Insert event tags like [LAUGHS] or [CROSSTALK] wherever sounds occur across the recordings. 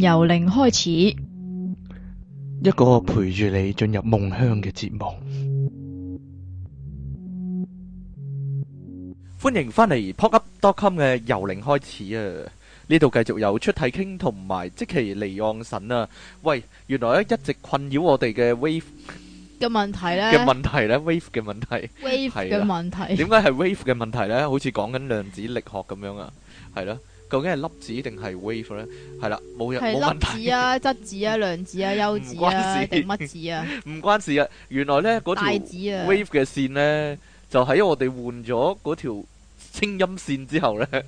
由零開始，一個陪住你進入夢鄉嘅節目。歡迎翻嚟 p o k Up Dot Com 嘅由零開始啊！呢度繼續有出體傾同埋即期離岸神啊！喂，原來一直困擾我哋嘅 wave 嘅問題咧嘅 [LAUGHS] 問題咧 wave 嘅問題 wave 嘅問題，點解係 wave 嘅問題咧？好似講緊量子力學咁樣啊，係咯？究竟係粒子定係 wave 咧？係啦，冇嘢冇問題。粒子啊、質子啊、量子啊、優子啊、定乜 [LAUGHS] 事子啊，唔 [LAUGHS] 關事啊。原來咧嗰條 wave 嘅線咧，就喺我哋換咗嗰條清音線之後咧，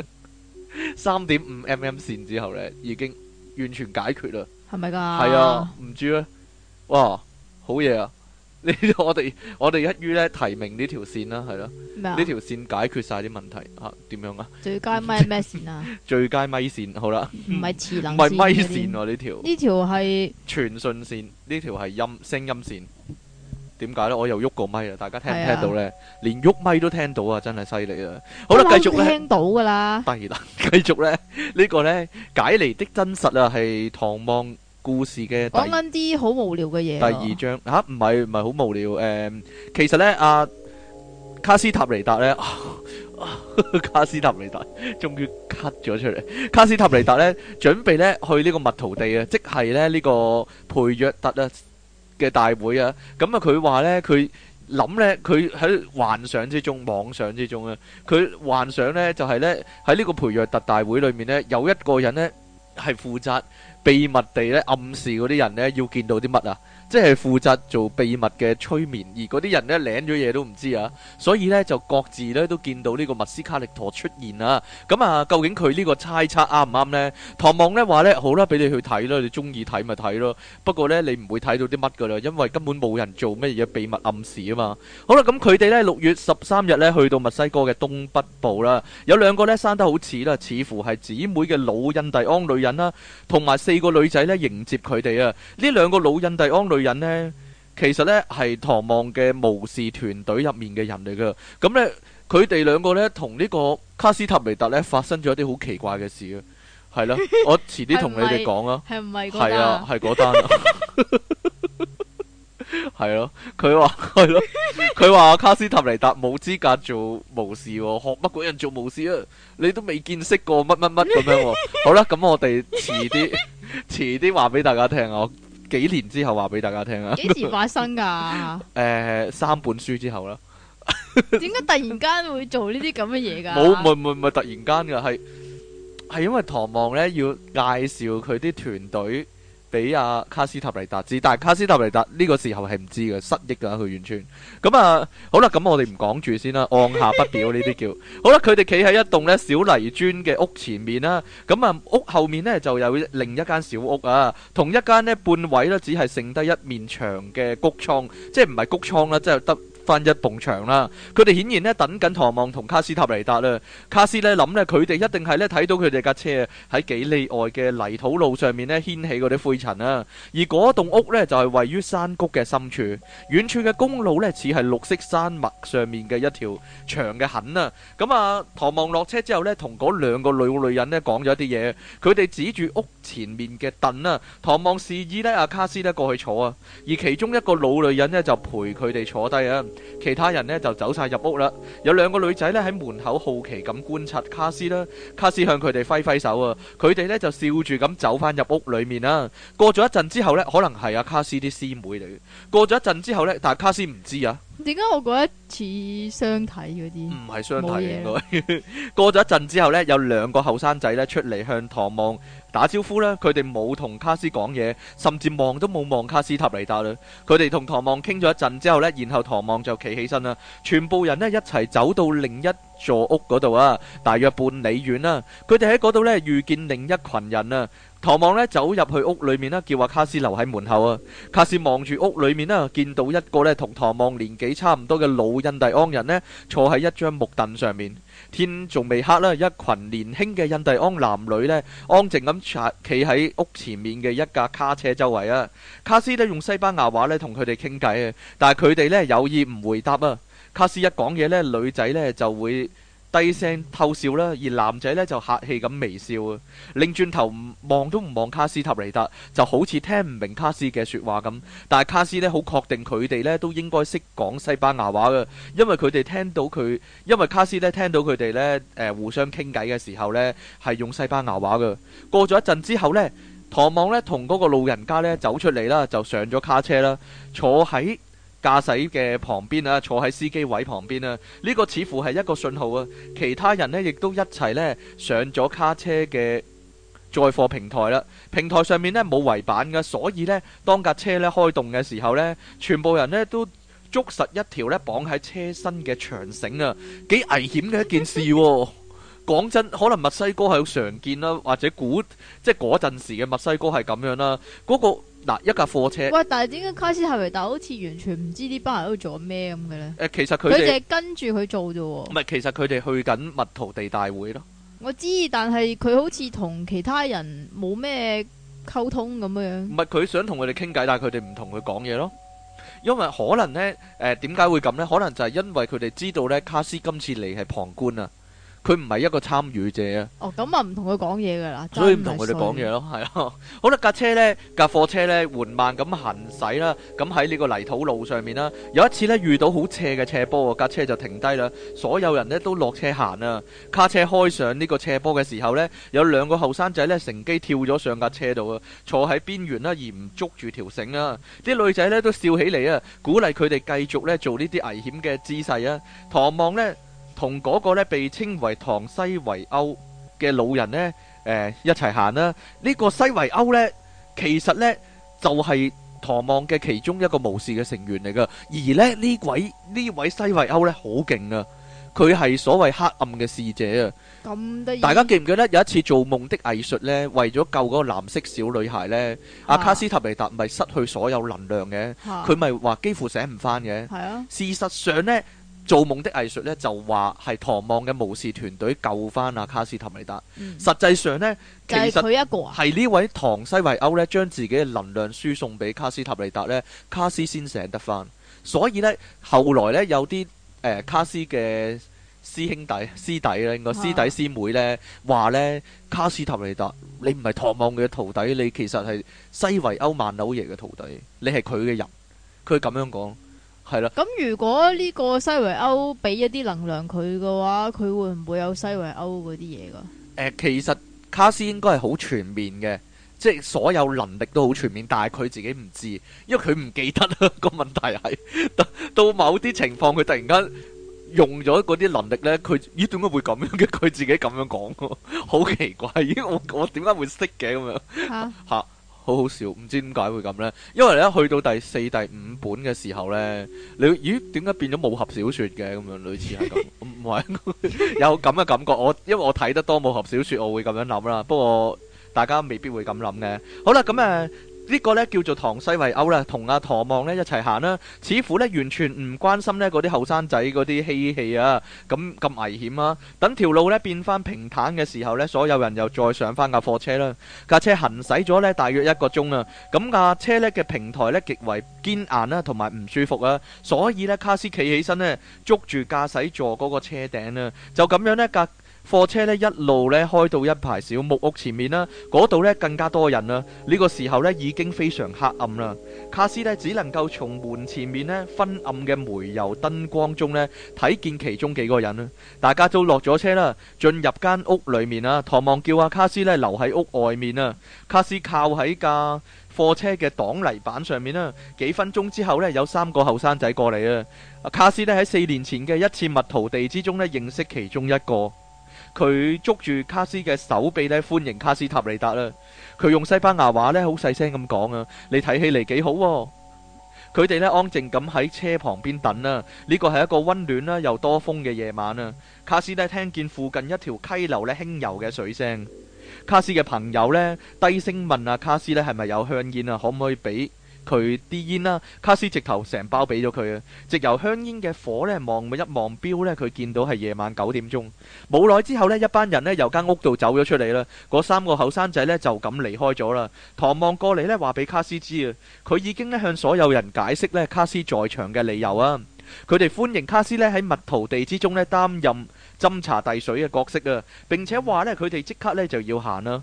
三點五 mm 線之後咧，已經完全解決啦。係咪㗎？係啊，唔知咧，哇，好嘢啊！呢我哋我哋一於咧提名呢條線啦，係咯，呢條線解決晒啲問題啊？點樣啊？最佳咪咩線啊？最佳咪線好啦，唔係智能，唔係咪線喎？呢條呢條係傳訊線，呢條係音聲音線。點解咧？我又喐個咪啊！大家聽唔聽到咧？連喐咪都聽到啊！真係犀利啊！好啦，繼續咧，聽到噶啦，得啦，繼續咧，呢個咧解離的真實啊，係唐望。故事嘅講緊啲好無聊嘅嘢、啊。第二章吓，唔係唔係好無聊。誒、嗯，其實咧，阿卡斯塔尼達咧，卡斯塔尼達終於 cut 咗出嚟。卡斯塔尼達咧，準備咧去呢個蜜桃地啊，即係咧呢、這個培約特啊嘅大會啊。咁、嗯、啊，佢話咧，佢諗咧，佢喺幻想之中、妄想之中啊，佢幻想咧就係咧喺呢個培約特大會裏面咧，有一個人咧係負責。秘密地咧暗示嗰啲人咧要見到啲乜啊，即係負責做秘密嘅催眠，而嗰啲人咧領咗嘢都唔知啊，所以咧就各自咧都見到呢個麥斯卡力陀出現啊。咁啊，究竟佢呢個猜測啱唔啱咧？唐望咧話咧，好啦，俾你去睇啦，你中意睇咪睇咯。不過咧，你唔會睇到啲乜噶啦，因為根本冇人做乜嘢秘密暗示啊嘛。好啦，咁佢哋咧六月十三日咧去到墨西哥嘅東北部啦，有兩個咧生得好似啦，似乎係姊妹嘅老印第安女人啦，同埋四。四個女仔咧迎接佢哋啊！呢兩個老印第安女人咧，其實咧係唐望嘅巫師團隊入面嘅人嚟噶。咁咧，佢哋兩個咧同呢個卡斯塔尼達咧發生咗一啲好奇怪嘅事啊！係咯，我遲啲同你哋講啊。係唔係？係啊，係嗰單啊。係咯，佢話係咯，佢話卡斯塔尼達冇資格做巫師，學乜鬼人做巫師啊？你都未見識過乜乜乜咁樣。好啦，咁我哋遲啲。遲啲話俾大家聽啊！幾年之後話俾大家聽啊！幾時發生噶？誒、 [LAUGHS] 呃，三本書之後啦。點 [LAUGHS] 解突然間會做呢啲咁嘅嘢噶？冇，唔係唔唔係突然間噶，係係因為唐望呢要介紹佢啲團隊。俾阿、啊、卡斯塔利達尼達知，但係卡斯塔尼達呢個時候係唔知嘅，失憶㗎佢完全。咁、嗯、啊、嗯嗯，好啦，咁、嗯、我哋唔講住先啦，按下不表呢啲叫。好啦，佢哋企喺一棟呢小泥磚嘅屋前面啦，咁、嗯、啊屋後面呢就有另一間小屋啊，同一間呢半毀呢，只係剩低一面牆嘅谷倉，即係唔係谷倉啦，即係得。翻一埲牆啦！佢哋顯然咧，等緊唐望同卡斯塔尼達啦。卡斯咧諗咧，佢哋一定係咧睇到佢哋架車喺幾里外嘅泥土路上面咧掀起嗰啲灰塵啦。而嗰棟屋呢，就係位於山谷嘅深處，遠處嘅公路呢似係綠色山脈上面嘅一條長嘅痕啊。咁啊，唐望落車之後呢，同嗰兩個老女人咧講咗啲嘢。佢哋指住屋前面嘅凳啊，唐望示意呢，阿卡斯咧過去坐啊。而其中一個老女人呢，就陪佢哋坐低啊。其他人呢就走晒入屋啦，有兩個女仔呢喺門口好奇咁觀察卡斯啦，卡斯向佢哋揮揮手啊，佢哋呢就笑住咁走翻入屋裏面啦。過咗一陣之後呢，可能係阿卡斯啲師妹嚟嘅。過咗一陣之後呢，但係卡斯唔知啊。點解我覺得似相睇嗰啲？唔係相睇應該過咗一陣之後呢，有兩個後生仔呢出嚟向唐望打招呼咧，佢哋冇同卡斯講嘢，甚至望都冇望卡斯塔尼達啦。佢哋同唐望傾咗一陣之後呢，然後唐望就企起身啦，全部人呢，一齊走到另一。座屋嗰度啊，大約半里遠啦。佢哋喺嗰度呢，遇見另一群人啊。唐望呢，走入去屋裏面啦，叫阿卡斯留喺門口啊。卡斯望住屋裏面啦，見到一個呢同唐望年紀差唔多嘅老印第安人呢，坐喺一張木凳上面。天仲未黑啦，一群年輕嘅印第安男女呢，安靜咁企喺屋前面嘅一架卡車周圍啊。卡斯呢，用西班牙話呢，同佢哋傾偈啊，但係佢哋呢，有意唔回答啊。卡斯一講嘢呢，女仔呢就會低聲偷笑啦；而男仔呢就客氣咁微笑啊。擰轉頭望都唔望卡斯塔尼達，就好似聽唔明卡斯嘅説話咁。但係卡斯呢好確定佢哋呢都應該識講西班牙話嘅，因為佢哋聽到佢，因為卡斯呢聽到佢哋呢誒互相傾偈嘅時候呢係用西班牙話嘅。過咗一陣之後呢，唐望呢同嗰個老人家呢走出嚟啦，就上咗卡車啦，坐喺，駕駛嘅旁邊啦，坐喺司機位旁邊啦，呢個似乎係一個信號啊！其他人呢，亦都一齊呢上咗卡車嘅載貨平台啦。平台上面呢，冇圍板㗎，所以呢，當架車呢開動嘅時候呢，全部人呢都捉實一條呢綁喺車身嘅長繩啊，幾危險嘅一件事喎，啊！ [LAUGHS] 講真，可能墨西哥係好常見啦，或者古即係嗰陣時嘅墨西哥係咁樣啦。嗰個嗱，一架貨車喂，但係點解卡斯係咪但係好似完全唔知呢班人喺度做咩咁嘅咧？誒，其實佢佢就係跟住佢做啫。唔係，其實佢哋去緊蜜桃地大會咯。我知，但係佢好似同其他人冇咩溝通咁樣。唔係，佢想同佢哋傾偈，但係佢哋唔同佢講嘢咯。因為可能咧，誒，點解會咁咧？可能就係因為佢哋知道咧，卡斯今次嚟係旁觀啊。佢唔係一個參與者啊！哦，咁啊，唔同佢講嘢噶啦，所以唔同佢哋講嘢咯，係咯。 [LAUGHS] 好啦，架車呢，架貨車呢，車呢緩慢咁行駛啦，咁喺呢個泥土路上面啦。有一次呢，遇到好斜嘅斜坡啊，架車就停低啦。所有人呢都落車行啊。卡車開上呢個斜坡嘅時候呢，有兩個後生仔呢乘機跳咗上架車度啊，坐喺邊緣啦，而唔捉住條繩啊。啲女仔呢都笑起嚟啊，鼓勵佢哋繼續呢做呢啲危險嘅姿勢啊。唐望呢。同嗰個咧被稱為唐西維歐嘅老人咧，誒一齊行啦。呢個西維歐咧，其實咧就係唐望嘅其中一個武士嘅成員嚟噶。而咧呢位呢位西維歐咧好勁啊，佢係所謂黑暗嘅使者啊。咁得意！大家記唔記得有一次做夢的藝術咧，為咗救嗰個藍色小女孩咧，阿卡斯塔維達唔係失去所有能量嘅，佢咪話幾乎醒唔翻嘅。係啊，事實上咧。做夢的藝術呢，就話係唐望嘅無視團隊救翻阿、啊、卡斯塔尼達。嗯、實際上呢，就其實佢一個係呢位唐西維歐呢，將自己嘅能量輸送俾卡斯塔尼達呢，卡斯先醒得翻。所以呢，後來呢，有啲誒、呃、卡斯嘅師兄弟、師弟咧，應該師弟師妹呢話呢卡斯塔尼達，你唔係唐望嘅徒弟，你其實係西維歐曼紐爺嘅徒弟，你係佢嘅人。佢咁樣講。係啦，咁、嗯、如果呢個西維歐俾一啲能量佢嘅話，佢會唔會有西維歐嗰啲嘢噶？誒、呃，其實卡斯應該係好全面嘅，即、就、係、是、所有能力都好全面，但係佢自己唔知，因為佢唔記得啊個 [LAUGHS] 問題係是 [LAUGHS] 到某啲情況，佢突然間用咗嗰啲能力呢，佢咦點解會咁樣嘅？佢 [LAUGHS] 自己咁樣講，好奇怪咦 [LAUGHS] 我我點解會識嘅咁樣？好、 [LAUGHS] 啊。好好笑，唔知點解會咁呢？因為咧去到第四、第五本嘅時候呢，你會咦點解變咗武俠小説嘅咁樣？類似係咁，唔係 [LAUGHS] [LAUGHS] 有咁嘅感覺。我因為我睇得多武俠小説，我會咁樣諗啦。不過大家未必會咁諗嘅。好啦，咁誒、啊。呢個咧叫做唐西維歐啦，同阿唐望咧一齊行啦，似乎咧完全唔關心咧嗰啲後生仔嗰啲嬉戲啊，咁咁危險啊！等條路咧變翻平坦嘅時候咧，所有人又再上翻架貨車啦。架車行駛咗咧，大約一個鐘啊。咁架車咧嘅平台咧極為堅硬啦，同埋唔舒服啊，所以咧卡斯企起身咧，捉住駕駛座嗰個車頂啦，就咁樣咧架。貨車咧一路咧開到一排小木屋前面啦。嗰度咧更加多人啦。呢、這個時候咧已經非常黑暗啦。卡斯咧只能夠從門前面咧昏暗嘅煤油燈光中咧睇見其中幾個人啦。大家都落咗車啦，進入間屋裏面啦。唐望叫阿卡斯咧留喺屋外面啊。卡斯靠喺架貨車嘅擋泥板上面啦。幾分鐘之後咧，有三個後生仔過嚟啊。阿卡斯咧喺四年前嘅一次密桃地之中咧認識其中一個。佢捉住卡斯嘅手臂咧，歡迎卡斯塔尼達啦。佢用西班牙話呢，好細聲咁講啊。你睇起嚟幾好。佢哋呢，安靜咁喺車旁邊等啦。呢個係一個溫暖啦又多風嘅夜晚啊。卡斯呢，聽見附近一條溪流咧輕柔嘅水聲。卡斯嘅朋友呢，低聲問啊，卡斯呢，係咪有香煙啊？可唔可以俾？佢啲煙啦，卡斯直頭成包俾咗佢啊！直由香煙嘅火咧望咪一望錶咧，佢見到係夜晚九點鐘。冇耐之後咧，一班人咧由間屋度走咗出嚟啦。嗰三個後生仔咧就咁離開咗啦。唐望過嚟咧話俾卡斯知啊，佢已經咧向所有人解釋咧卡斯在場嘅理由啊。佢哋歡迎卡斯咧喺麥圖地之中咧擔任斟茶遞水嘅角色啊。並且話咧佢哋即刻咧就要行啦。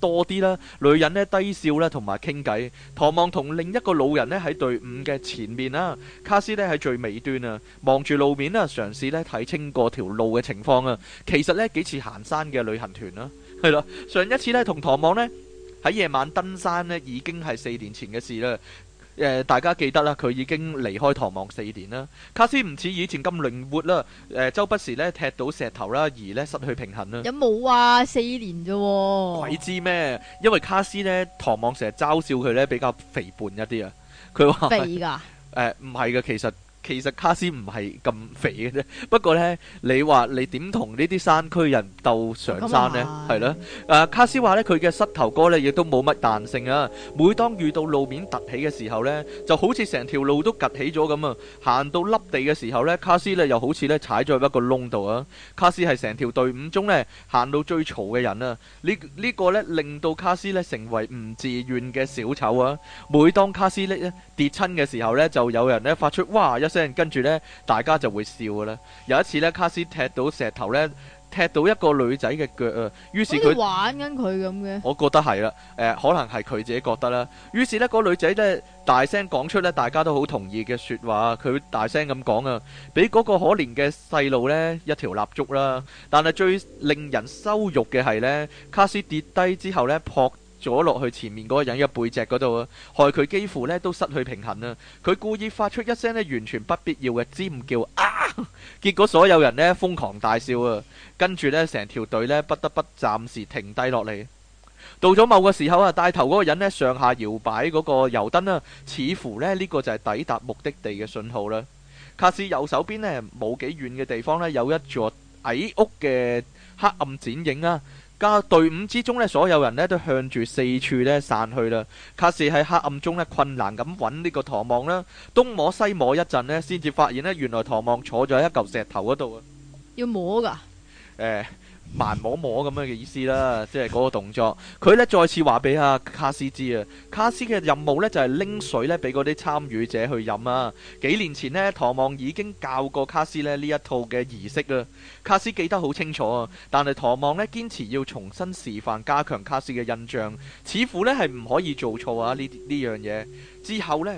多啲啦，女人咧低笑咧，同埋傾偈。唐望同另一個老人咧喺隊伍嘅前面啦，卡斯咧喺最尾端啊，望住路面啦，嘗試咧睇清嗰條路嘅情況啊。其實咧幾次行山嘅旅行團啦，係啦，上一次咧同唐望咧喺夜晚登山咧，已經係四年前嘅事啦。誒、呃、大家記得啦，佢已經離開唐望四年啦。卡斯唔似以前咁靈活啦，誒、呃、周不時咧踢到石頭啦，而咧失去平衡啦。有冇啊？四年啫、啊，鬼知咩？因為卡斯咧，唐望成日嘲笑佢咧比較肥胖一啲啊。佢話肥㗎？誒，唔係嘅，其實。其實卡斯唔係咁肥嘅啫，不過咧，你話你點同呢啲山區人鬥上山咧？係啦、嗯，誒的、啊、卡斯話咧，佢嘅膝頭哥咧亦都冇乜彈性啊！每當遇到路面凸起嘅時候咧，就好似成條路都凸起咗咁啊！行到凹地嘅時候咧，卡斯咧又好似咧踩咗入一個窿度啊！卡斯係成條隊伍中咧行到最嘈嘅人啊！這個這個、呢呢個咧令到卡斯咧成為唔自願嘅小丑啊！每當卡斯咧跌親嘅時候咧，就有人咧發出哇一聲！跟住呢，大家就會笑㗎啦。有一次呢，卡斯踢到石頭呢，踢到一個女仔嘅腳啊。於是佢玩緊佢咁嘅，我覺得係啦。誒、呃，可能係佢自己覺得啦。於是呢嗰個女仔呢，大聲講出呢，大家都好同意嘅說話。佢大聲咁講啊，俾嗰個可憐嘅細路呢一條蠟燭啦。但係最令人羞辱嘅係呢，卡斯跌低之後呢。撲。咗落去前面嗰個人嘅背脊嗰度啊，害佢幾乎呢都失去平衡啊。佢故意發出一聲咧完全不必要嘅尖叫，啊！結果所有人呢瘋狂大笑啊，跟住呢成條隊呢不得不暫時停低落嚟。到咗某個時候啊，帶頭嗰個人呢上下搖擺嗰個油燈啊，似乎呢呢個就係抵達目的地嘅信號啦。卡士右手邊呢冇幾遠嘅地方呢，有一座矮屋嘅黑暗剪影啊。家隊伍之中咧，所有人呢都向住四處呢散去啦。卡士喺黑暗中呢困難咁揾呢個唐望啦，東摸西摸一陣呢，先至發現呢原來唐望坐咗喺一嚿石頭嗰度啊！要摸噶？誒。慢摸摸咁樣嘅意思啦，即係嗰個動作。佢呢再次話俾阿卡斯知啊，卡斯嘅任務呢，就係拎水呢俾嗰啲參與者去飲啊。幾年前呢，唐望已經教過卡斯咧呢一套嘅儀式啊。卡斯記得好清楚啊，但係唐望呢堅持要重新示範，加強卡斯嘅印象，似乎呢係唔可以做錯啊呢呢樣嘢之後呢，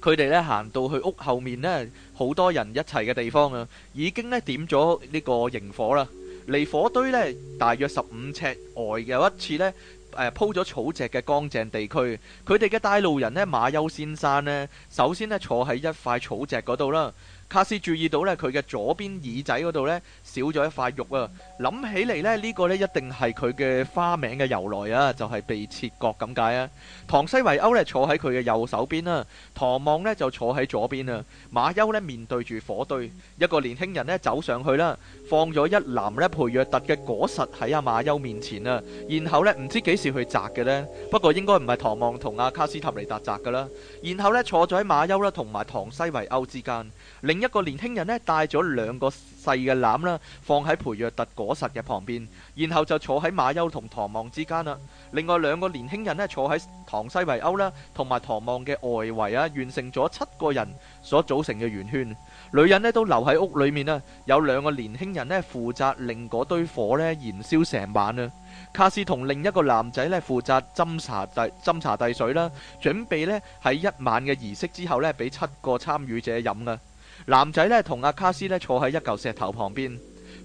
佢哋呢行到去屋後面呢，好多人一齊嘅地方啊，已經呢點咗呢個營火啦。離火堆呢，大約十五尺外，有一次呢，誒鋪咗草席嘅乾淨地區，佢哋嘅帶路人咧馬丘先生呢，首先咧坐喺一塊草席嗰度啦。卡斯注意到咧，佢嘅左邊耳仔嗰度咧少咗一塊肉啊！諗起嚟，咧呢個咧一定係佢嘅花名嘅由來啊，就係被切割咁解啊！唐西維歐咧坐喺佢嘅右手邊啦，唐望呢就坐喺左邊啊，馬丘咧面對住火堆，一個年輕人咧走上去啦，放咗一籃咧培若特嘅果實喺阿馬丘面前啊，然後咧唔知幾時去摘嘅咧，不過應該唔係唐望同阿卡斯塔尼達摘噶啦。然後咧坐咗喺馬丘啦同埋唐西維歐之間。另一個年輕人咧帶咗兩個細嘅籃啦，放喺培若特果實嘅旁邊，然後就坐喺馬丘同唐望之間啦。另外兩個年輕人咧坐喺唐西圍歐啦，同埋唐望嘅外圍啊，完成咗七個人所組成嘅圓圈。女人咧都留喺屋裏面啊。有兩個年輕人咧負責令嗰堆火咧燃燒成晚啊。卡斯同另一個男仔咧負責斟茶遞斟茶遞水啦，準備咧喺一晚嘅儀式之後咧俾七個參與者飲啊。男仔咧同阿卡斯咧坐喺一嚿石頭旁邊，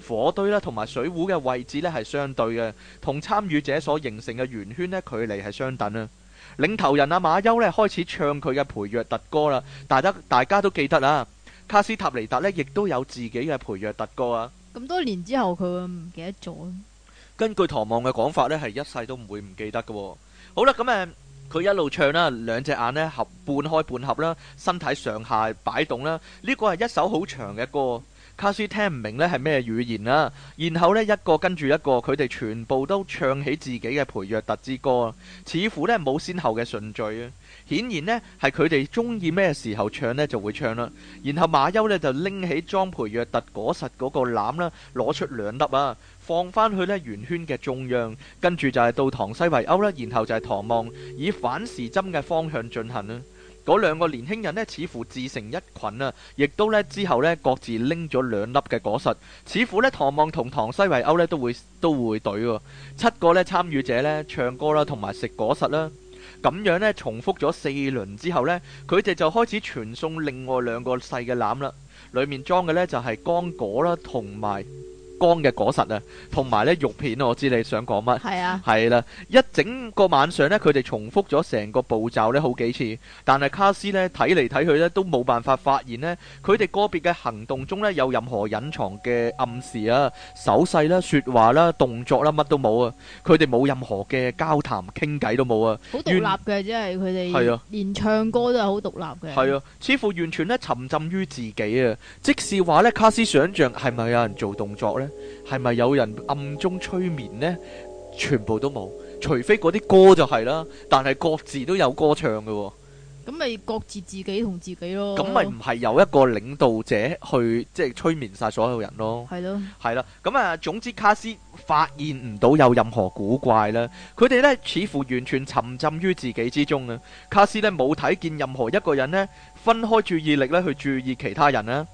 火堆咧同埋水壺嘅位置咧係相對嘅，同參與者所形成嘅圓圈咧距離係相等啊。領頭人阿馬丘咧開始唱佢嘅培約特歌啦，大家，大家都記得啦。卡斯塔尼達咧亦都有自己嘅培約特歌啊。咁多年之後佢會唔記得咗？根據唐望嘅講法呢係一世都唔會唔記得嘅。好啦，咁啊。佢一路唱啦，兩隻眼咧合半開半合啦，身體上下擺動啦，呢個係一首好長嘅歌。卡斯聽唔明咧係咩語言啦，然後呢，一個跟住一個，佢哋全部都唱起自己嘅培約特之歌，似乎咧冇先後嘅順序啊。顯然呢，係佢哋中意咩時候唱呢就會唱啦。然後馬丘呢，就拎起莊培約特果實嗰個籃啦，攞出兩粒啊，放返去呢圓圈嘅中央。跟住就係到唐西維歐啦，然後就係唐望以反時針嘅方向進行啦。嗰兩個年輕人呢，似乎自成一群啊，亦都呢之後呢，各自拎咗兩粒嘅果實，似乎呢，唐望同唐西維歐呢，都會都會隊喎。七個呢參與者呢，唱歌啦，同埋食果實啦。咁樣呢，重複咗四輪之後呢，佢哋就開始傳送另外兩個細嘅籃啦，裡面裝嘅呢，就係乾果啦同埋。光嘅果實啊，同埋咧肉片，我知你想講乜？係啊，係啦，一整個晚上咧，佢哋重複咗成個步驟咧好幾次，但係卡斯咧睇嚟睇去咧都冇辦法發現咧，佢哋個別嘅行動中咧有任何隱藏嘅暗示啊、手勢啦、説話啦、動作啦，乜都冇啊，佢哋冇任何嘅交談傾偈都冇啊，好獨立嘅，即係佢哋係啊，連唱歌都係好獨立嘅，係啊，似乎完全咧沉浸於自己啊，即使話咧卡斯想像係咪有人做動作咧？係咪有人暗中催眠呢？全部都冇，除非嗰啲歌就係啦。但係各自都有歌唱嘅，哦，咁咪各自自己同自己咯。咁咪唔係由一個領導者去即係、就是、催眠晒所有人咯？係咯，係啦。咁、嗯、啊，總之卡斯發現唔到有任何古怪啦。佢哋呢，似乎完全沉浸於自己之中啊。卡斯呢，冇睇見任何一個人呢，分開注意力咧去注意其他人呢。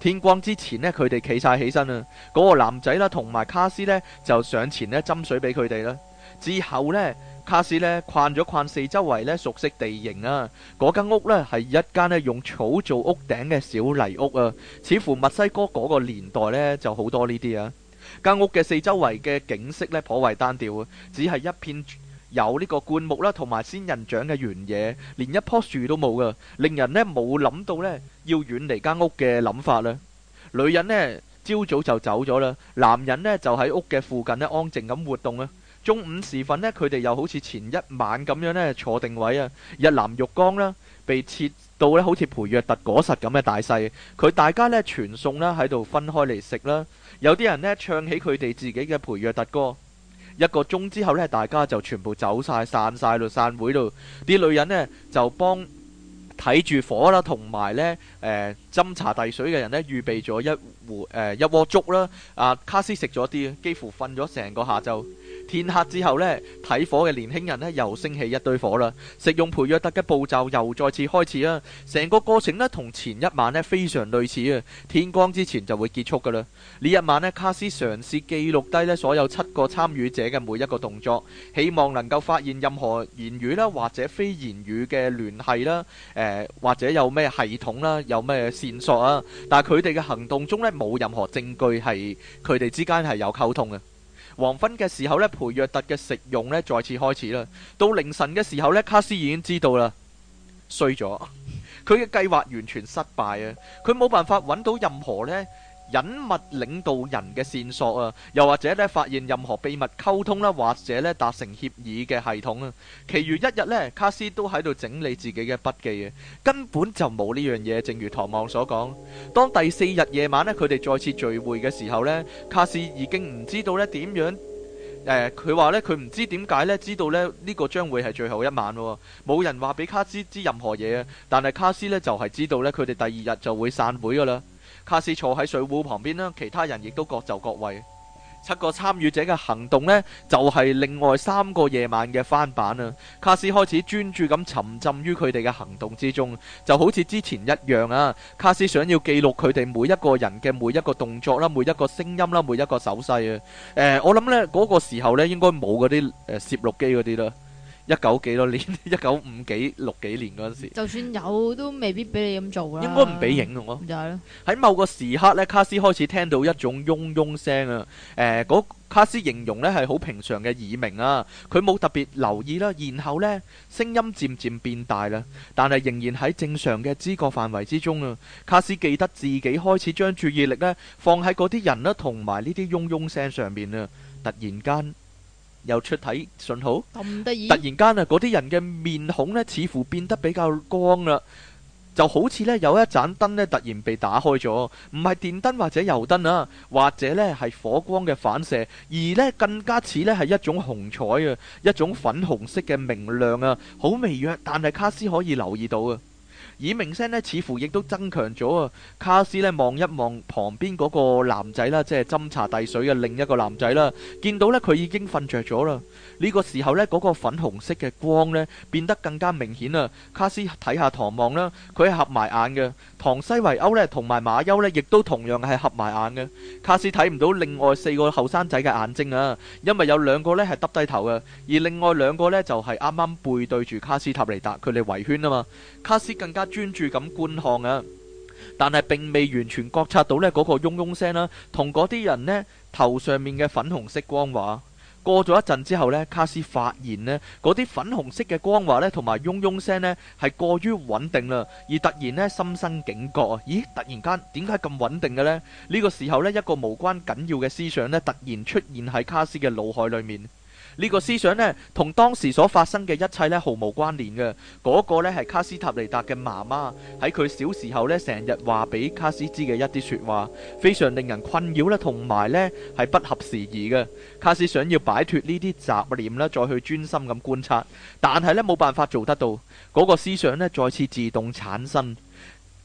天光之前咧，佢哋企晒起身啊。嗰個男仔啦，同埋卡斯呢，就上前咧斟水俾佢哋啦。之後呢，卡斯呢，逛咗逛四周圍呢，熟悉地形啊。嗰間屋呢，係一間咧用草做屋頂嘅小泥屋啊。似乎墨西哥嗰個年代呢，就好多呢啲啊。間屋嘅四周圍嘅景色咧頗為單調啊，只係一片。有呢個灌木啦，同埋仙人掌嘅原野，連一棵樹都冇噶，令人呢冇諗到呢要遠離間屋嘅諗法啦。女人呢朝早就走咗啦，男人呢就喺屋嘅附近呢安靜咁活動啦。中午時分呢，佢哋又好似前一晚咁樣呢坐定位啊，日南浴缸啦，被切到呢好似培若特果實咁嘅大細。佢大家呢傳送啦，喺度分開嚟食啦，有啲人呢唱起佢哋自己嘅培若特歌。一個鐘之後呢，大家就全部走晒、散晒咯，散會度啲女人呢，就幫睇住火啦，同埋呢，誒、呃、斟茶遞水嘅人呢，預備咗一壺誒、呃、一鍋粥啦。阿、啊、卡斯食咗啲，幾乎瞓咗成個下晝。天黑之後呢，睇火嘅年輕人呢又升起一堆火啦。食用培約特嘅步驟又再次開始啦。成個過程呢，同前一晚呢非常類似啊。天光之前就會結束噶啦。呢一晚呢，卡斯嘗試記錄低呢所有七個參與者嘅每一個動作，希望能夠發現任何言語啦或者非言語嘅聯繫啦。誒、呃、或者有咩系統啦，有咩線索啊。但係佢哋嘅行動中呢，冇任何證據係佢哋之間係有溝通嘅。黃昏嘅時候呢，培約特嘅食用呢再次開始啦。到凌晨嘅時候呢，卡斯已經知道啦，衰咗。佢嘅計劃完全失敗啊！佢冇辦法揾到任何呢。隱密領導人嘅線索啊，又或者呢發現任何秘密溝通啦，或者呢達成協議嘅系統啊。其餘一日呢，卡斯都喺度整理自己嘅筆記啊，根本就冇呢樣嘢。正如唐望所講，當第四日夜晚呢，佢哋再次聚會嘅時候呢，卡斯已經唔知道呢點樣誒。佢話呢，佢唔知點解呢，知道呢呢個將會係最後一晚喎。冇人話俾卡斯知任何嘢啊，但係卡斯呢就係知道呢，佢哋第二日就會散會㗎喇。卡斯坐喺水壺旁邊啦，其他人亦都各就各位。七個參與者嘅行動呢，就係另外三個夜晚嘅翻版啦。卡斯開始專注咁沉浸於佢哋嘅行動之中，就好似之前一樣啊。卡斯想要記錄佢哋每一個人嘅每一個動作啦，每一個聲音啦，每一個手勢啊。誒，我諗呢嗰個時候呢，應該冇嗰啲誒攝錄機嗰啲啦。一九幾多年，一九五幾六幾年嗰陣時，就算有都未必俾你咁做啦。應該唔俾影嘅喎。咁就係咯。喺某個時刻咧，卡斯開始聽到一種嗡嗡聲啊。誒，嗰卡斯形容咧係好平常嘅耳鳴啊。佢冇特別留意啦。然後咧，聲音漸漸變大啦，但係仍然喺正常嘅知覺範圍之中啊。卡斯記得自己開始將注意力咧放喺嗰啲人咧同埋呢啲嗡嗡聲上面啊。突然間。又出體信號，突然間啊，嗰啲人嘅面孔呢，似乎變得比較光啦，就好似呢，有一盞燈呢突然被打開咗，唔係電燈或者油燈啊，或者呢係火光嘅反射，而呢，更加似呢係一種紅彩啊，一種粉紅色嘅明亮啊，好微弱，但係卡斯可以留意到啊。耳鳴聲咧似乎亦都增強咗啊。卡斯咧望一望旁邊嗰個男仔啦，即係斟茶遞水嘅另一個男仔啦，見到咧佢已經瞓着咗啦。呢個時候咧，嗰個粉紅色嘅光咧變得更加明顯啊。卡斯睇下唐望啦，佢係合埋眼嘅。唐西維歐呢，同埋馬丘呢，亦都同樣係合埋眼嘅。卡斯睇唔到另外四個後生仔嘅眼睛啊，因為有兩個呢係耷低頭啊。而另外兩個呢，就係啱啱背對住卡斯塔尼達佢哋圍圈啊嘛。卡斯更加專注咁觀看啊，但係並未完全覺察到呢嗰個嗡嗡聲啦，同嗰啲人呢頭上面嘅粉紅色光華。過咗一陣之後呢，卡斯發現呢嗰啲粉紅色嘅光華呢，同埋嗡嗡聲呢，係過於穩定啦，而突然呢，心生警覺，咦，突然間點解咁穩定嘅呢？呢個時候呢，一個無關緊要嘅思想呢，突然出現喺卡斯嘅腦海裏面。呢個思想呢，同當時所發生嘅一切呢，毫無關聯嘅。嗰個呢，係卡斯塔尼達嘅媽媽喺佢小時候呢，成日話俾卡斯知嘅一啲說話，非常令人困擾啦，同埋呢，係不合時宜嘅。卡斯想要擺脫呢啲雜念呢，再去專心咁觀察，但係呢，冇辦法做得到，嗰個思想呢，再次自動產生，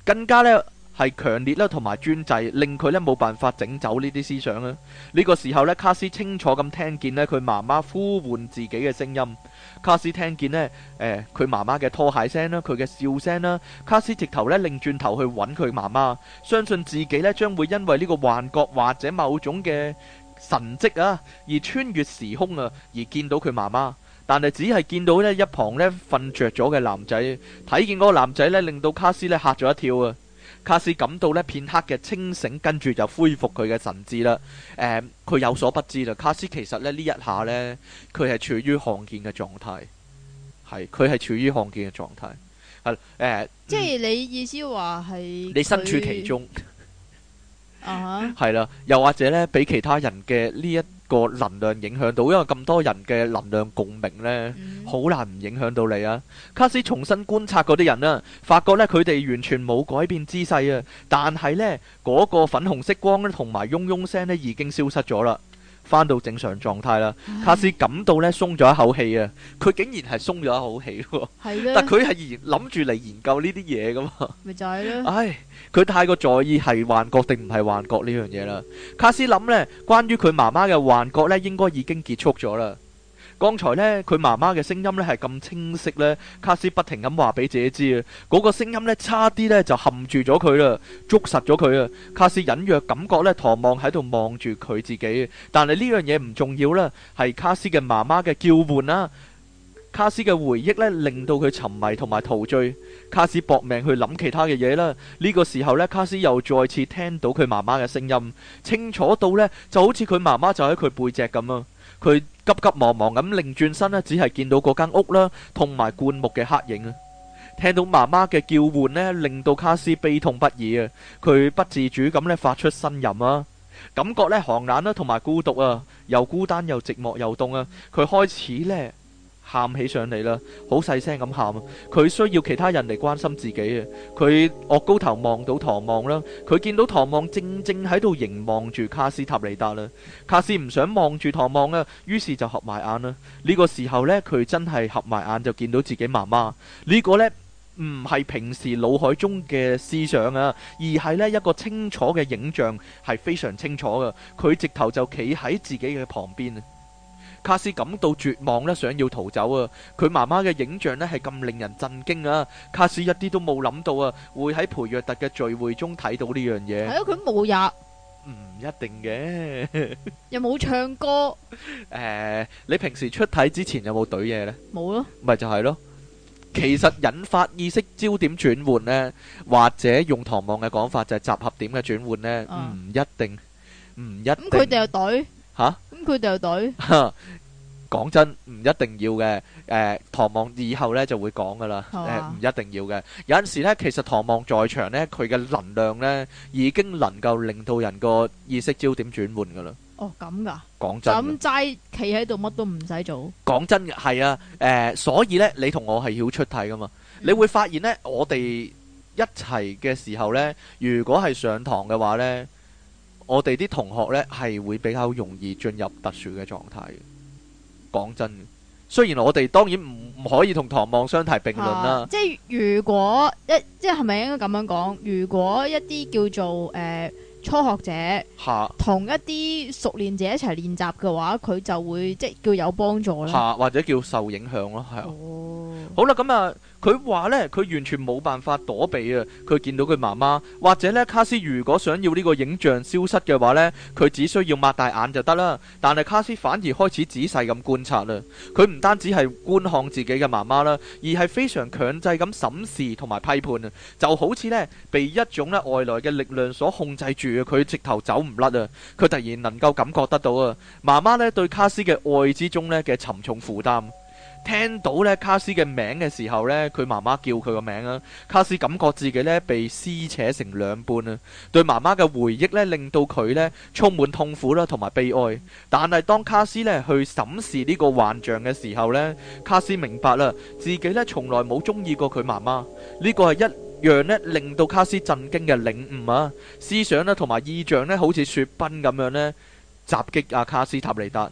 更加呢。係強烈啦，同埋專制，令佢咧冇辦法整走呢啲思想啊！呢、呢個時候咧，卡斯清楚咁聽見咧佢媽媽呼喚自己嘅聲音，卡斯聽見咧，誒、哎、佢媽媽嘅拖鞋聲啦，佢嘅笑聲啦，卡斯直頭咧擰轉頭去揾佢媽媽，相信自己咧將會因為呢個幻覺或者某種嘅神跡啊，而穿越時空啊，而見到佢媽媽，但係只係見到咧一旁咧瞓着咗嘅男仔，睇見嗰個男仔咧令到卡斯咧吓咗一跳啊！卡斯感到呢片刻嘅清醒，跟住就恢復佢嘅神智啦。誒、呃，佢有所不知啦。卡斯其實呢呢一下呢，佢係處於看見嘅狀態，係佢係處於看見嘅狀態。係誒，呃、即係你意思話係你身處其中啊？係 [LAUGHS] 啦、uh huh.，又或者呢，俾其他人嘅呢一。個能量影響到，因為咁多人嘅能量共鳴呢，好難唔影響到你啊！卡斯重新觀察嗰啲人啊，發覺呢佢哋完全冇改變姿勢啊，但係呢，嗰個粉紅色光同埋嗡嗡聲呢已經消失咗啦。返到正常狀態啦，卡斯感到呢鬆咗一口氣啊！佢竟然係鬆咗一口氣喎，的但佢係諗住嚟研究呢啲嘢噶嘛，咪就係咯。唉，佢太過在意係幻覺定唔係幻覺呢樣嘢啦。卡斯諗呢，關於佢媽媽嘅幻覺呢，應該已經結束咗啦。剛才呢，佢媽媽嘅聲音呢係咁清晰呢，卡斯不停咁話俾自己知啊，嗰個聲音呢差啲呢就冚住咗佢啦，捉實咗佢啊！卡斯隱約感覺呢，唐望喺度望住佢自己，但係呢樣嘢唔重要啦，係卡斯嘅媽媽嘅叫喚啦。卡斯嘅回憶呢，令到佢沉迷同埋陶醉，卡斯搏命去諗其他嘅嘢啦。呢個時候呢，卡斯又再次聽到佢媽媽嘅聲音，清楚到呢，就好似佢媽媽就喺佢背脊咁啊。佢急急忙忙咁擰轉身咧，只係見到嗰間屋啦，同埋灌木嘅黑影啊！聽到媽媽嘅叫喚呢，令到卡斯悲痛不已啊！佢不自主咁咧發出呻吟啊，感覺呢，寒冷啦，同埋孤獨啊，又孤單又寂寞又凍啊！佢開始呢，喊起上嚟啦，好細聲咁喊啊！佢需要其他人嚟關心自己啊！佢岳高頭望到唐望啦，佢見到唐望正正喺度凝望住卡斯塔尼達啦。卡斯唔想望住唐望啊，於是就合埋眼啦。呢個時候呢，佢真係合埋眼就見到自己媽媽。呢個呢，唔係平時腦海中嘅思想啊，而係呢一個清楚嘅影像，係非常清楚噶。佢直頭就企喺自己嘅旁邊啊！卡斯感到絕望咧，想要逃走啊！佢媽媽嘅影像呢係咁令人震驚啊！卡斯一啲都冇諗到啊，會喺培約特嘅聚會中睇到呢樣嘢。係啊，佢都冇入。唔一定嘅。又冇唱歌。誒，你平時出體之前有冇懟嘢呢？冇咯。咪就係咯。其實引發意識焦點轉換呢，或者用唐望嘅講法就係集合點嘅轉換呢，唔一定，唔一定。咁佢哋又懟吓？佢哋隊，講真唔一定要嘅。誒，唐望以後咧就會講噶啦。誒，唔一定要嘅。有陣時咧，其實唐望在場咧，佢嘅能量咧已經能夠令到人個意識焦點轉換噶啦。哦，咁噶。講真，就咁齋企喺度，乜都唔使做。講真嘅，係啊。誒，所以咧，你同我係要出體噶嘛？你會發現咧，我哋一齊嘅時候咧，如果係上堂嘅話咧。我哋啲同學呢係會比較容易進入特殊嘅狀態。講真，雖然我哋當然唔唔可以同唐望相提並論啦。啊、即係如果一即係係咪應該咁樣講？如果一啲叫做誒、呃、初學者、啊，同一啲熟練者一齊練習嘅話，佢就會即係叫有幫助啦、啊。或者叫受影響咯，係啊。哦、好啦，咁啊。佢話呢，佢完全冇辦法躲避啊！佢見到佢媽媽，或者呢卡斯如果想要呢個影像消失嘅話呢，佢只需要擘大眼就得啦。但係卡斯反而開始仔細咁觀察啦。佢唔單止係觀看自己嘅媽媽啦，而係非常強制咁審視同埋批判啊！就好似呢，被一種呢外來嘅力量所控制住，佢直頭走唔甩啊！佢突然能夠感覺得到啊，媽媽呢對卡斯嘅愛之中呢嘅沉重負擔。聽到咧卡斯嘅名嘅時候咧，佢媽媽叫佢個名啊！卡斯感覺自己咧被撕扯成兩半啊！對媽媽嘅回憶咧，令到佢咧充滿痛苦啦，同埋悲哀。但係當卡斯咧去審視呢個幻象嘅時候咧，卡斯明白啦，自己咧從來冇中意過佢媽媽。呢個係一樣咧令到卡斯震驚嘅領悟啊！思想咧同埋意象咧，好似雪崩咁樣咧襲擊阿、啊、卡斯塔利達。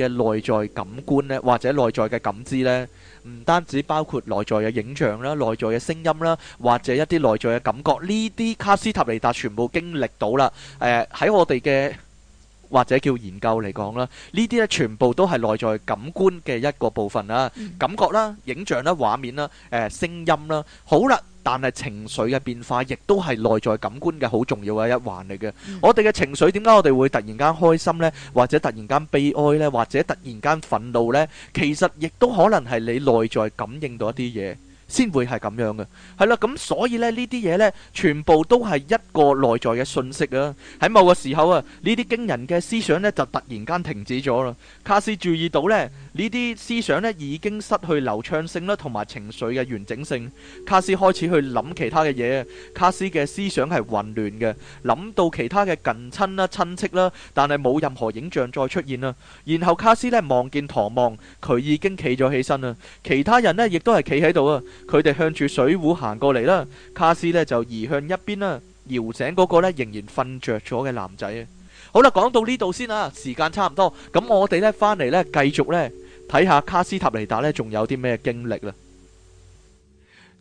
嘅內在感官咧，或者內在嘅感知咧，唔單止包括內在嘅影像啦、內在嘅聲音啦，或者一啲內在嘅感覺，呢啲卡斯塔尼達全部經歷到啦。誒，喺我哋嘅或者叫研究嚟講啦，呢啲咧全部都係內在感官嘅一個部分啦，感覺啦、影像啦、畫面啦、誒、聲音啦。好啦。但係情緒嘅變化，亦都係內在感官嘅好重要嘅一環嚟嘅。嗯、我哋嘅情緒點解我哋會突然間開心呢？或者突然間悲哀呢？或者突然間憤怒呢？其實亦都可能係你內在感應到一啲嘢，先會係咁樣嘅。係啦，咁所以呢，呢啲嘢呢，全部都係一個內在嘅訊息啊！喺某個時候啊，呢啲驚人嘅思想呢，就突然間停止咗啦。卡斯注意到呢。呢啲思想呢已經失去流暢性啦，同埋情緒嘅完整性。卡斯開始去諗其他嘅嘢，卡斯嘅思想係混亂嘅，諗到其他嘅近親啦、親戚啦，但係冇任何影像再出現啦。然後卡斯呢望見唐望，佢已經企咗起身啦，其他人呢亦都係企喺度啊，佢哋向住水壺行過嚟啦。卡斯呢就移向一邊啦，搖醒嗰個呢仍然瞓着咗嘅男仔啊。 [NOISE] 好啦，講到呢度先啊，時間差唔多，咁我哋呢翻嚟呢繼續呢。睇下卡斯塔尼達咧，仲有啲咩經歷啦？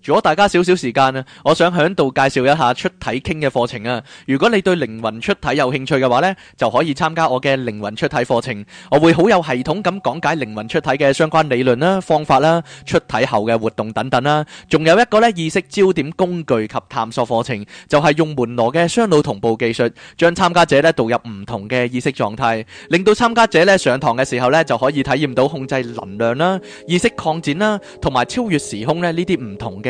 如果大家少少時間啊，我想喺度介紹一下出體傾嘅課程啊。如果你對靈魂出體有興趣嘅話咧，就可以參加我嘅靈魂出體課程。我會好有系統咁講解靈魂出體嘅相關理論啦、方法啦、出體後嘅活動等等啦。仲有一個咧意識焦點工具及探索課程，就係用門羅嘅雙腦同步技術，將參加者咧導入唔同嘅意識狀態，令到參加者咧上堂嘅時候咧就可以體驗到控制能量啦、意識擴展啦，同埋超越時空咧呢啲唔同嘅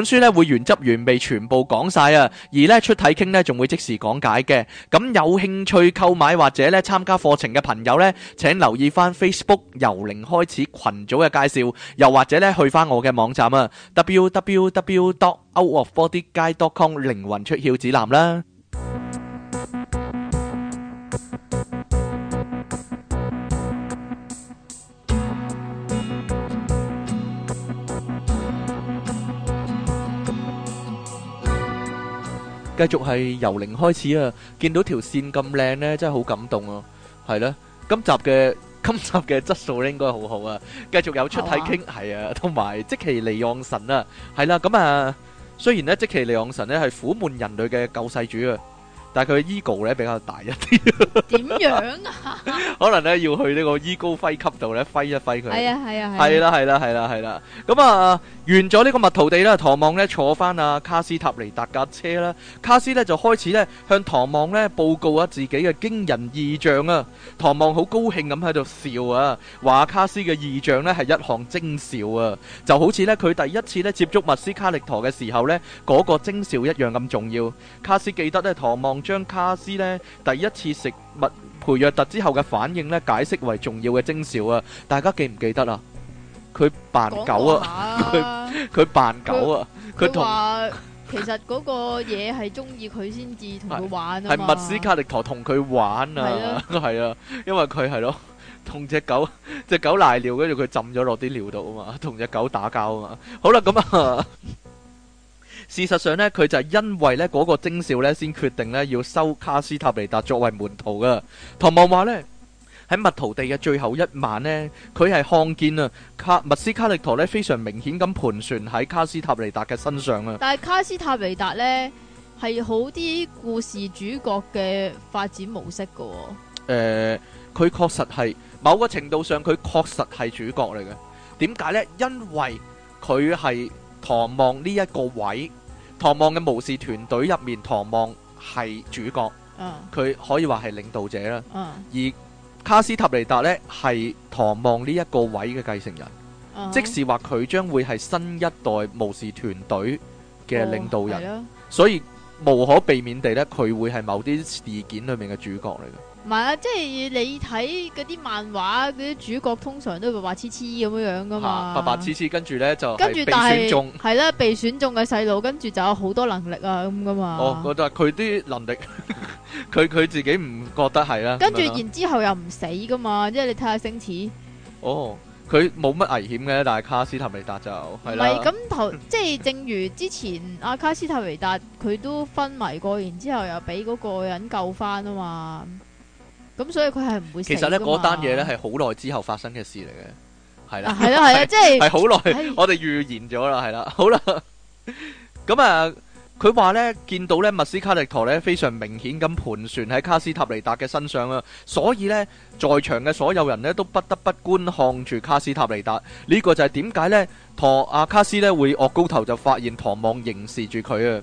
本書咧會原汁原味全部講晒啊，而咧出體傾咧仲會即時講解嘅。咁有興趣購買或者咧參加課程嘅朋友咧，請留意翻 Facebook 由零開始群組嘅介紹，又或者咧去翻我嘅網站啊，w w w dot out of body guide dot com 靈魂出竅指南啦。繼續係由零開始啊！見到條線咁靚咧，真係好感動啊！係啦，今集嘅今集嘅質素咧應該好好啊！繼續有出體傾係啊，同埋即其利昂神啊，係啦，咁啊，雖然咧即其利昂神咧係苦悶人類嘅救世主啊。但係佢嘅 ego 咧比較大一啲，點樣啊？ [LAUGHS] 可能咧要去呢個 ego 揮級度咧揮一揮佢，係 [NOISE] 啊係啊係啦係啦係啦係啦。咁啊，完咗呢個蜜桃地啦，唐望咧坐翻阿卡斯塔尼達架車啦，卡斯咧就開始咧向唐望咧報告啊自己嘅驚人異象啊。唐望好高興咁喺度笑啊，話卡斯嘅異象咧係一項徵兆啊，就好似咧佢第一次咧接觸麥斯卡力陀嘅時候咧嗰、那個徵兆一樣咁重要。卡斯記得咧唐望。將卡斯呢第一次食物培約特之後嘅反應呢解釋為重要嘅徵兆啊！大家記唔記得啊？佢扮狗啊！佢佢扮狗啊！佢同其實嗰個嘢係中意佢先至同佢玩啊！係麥斯卡力陀同佢玩啊！係啊，因為佢係咯，同隻狗隻狗瀨尿，跟住佢浸咗落啲尿度啊嘛，同隻狗打交啊嘛！好啦，咁啊～事實上呢，佢就係因為呢嗰個徵兆呢，先決定呢要收卡斯塔尼達作為門徒㗎。唐望話呢，喺密桃地嘅最後一晚呢，佢係看見啊麥斯卡力陀呢非常明顯咁盤旋喺卡斯塔尼達嘅身上啊。但係卡斯塔尼達呢係好啲故事主角嘅發展模式㗎喎。誒、呃，佢確實係某個程度上，佢確實係主角嚟嘅。點解呢？因為佢係唐望呢一個位。唐望嘅巫師團隊入面，唐望係主角，佢、uh huh. 可以話係領導者啦。Uh huh. 而卡斯塔尼達呢，係唐望呢一個位嘅繼承人，uh huh. 即使話佢將會係新一代巫師團隊嘅領導人，oh, 所以無可避免地呢，佢會係某啲事件裏面嘅主角嚟嘅。唔係啊，即係你睇嗰啲漫畫嗰啲主角，通常都係白痴痴咁樣樣噶嘛，白白痴痴，跟住咧就是、被選中係啦，被選中嘅細路跟住就有好多能力啊咁噶嘛。我我、哦、覺得佢啲能力，佢 [LAUGHS] 佢自己唔覺得係啦。跟住著然之後又唔死噶嘛，即、就、係、是、你睇下星矢哦，佢冇乜危險嘅，但係卡斯泰維達就唔係咁頭，即係 [LAUGHS] 正如之前阿卡斯泰維達，佢都昏迷過，然後之後又俾嗰個人救翻啊嘛。咁所以佢係唔會。其實呢，嗰單嘢，呢係好耐之後發生嘅事嚟嘅，係啦，係啦，係啦，即係係好耐，的的我哋預言咗啦，係啦，好啦。咁 [LAUGHS] 啊、嗯，佢、嗯、話呢，見到呢，麥斯卡力陀呢，非常明顯咁盤旋喺卡斯塔尼達嘅身上啊，所以呢，在場嘅所有人呢，都不得不觀看住卡斯塔尼達。呢、這個就係點解呢？陀阿、啊、卡斯呢會惡高頭就發現唐望凝視住佢啊。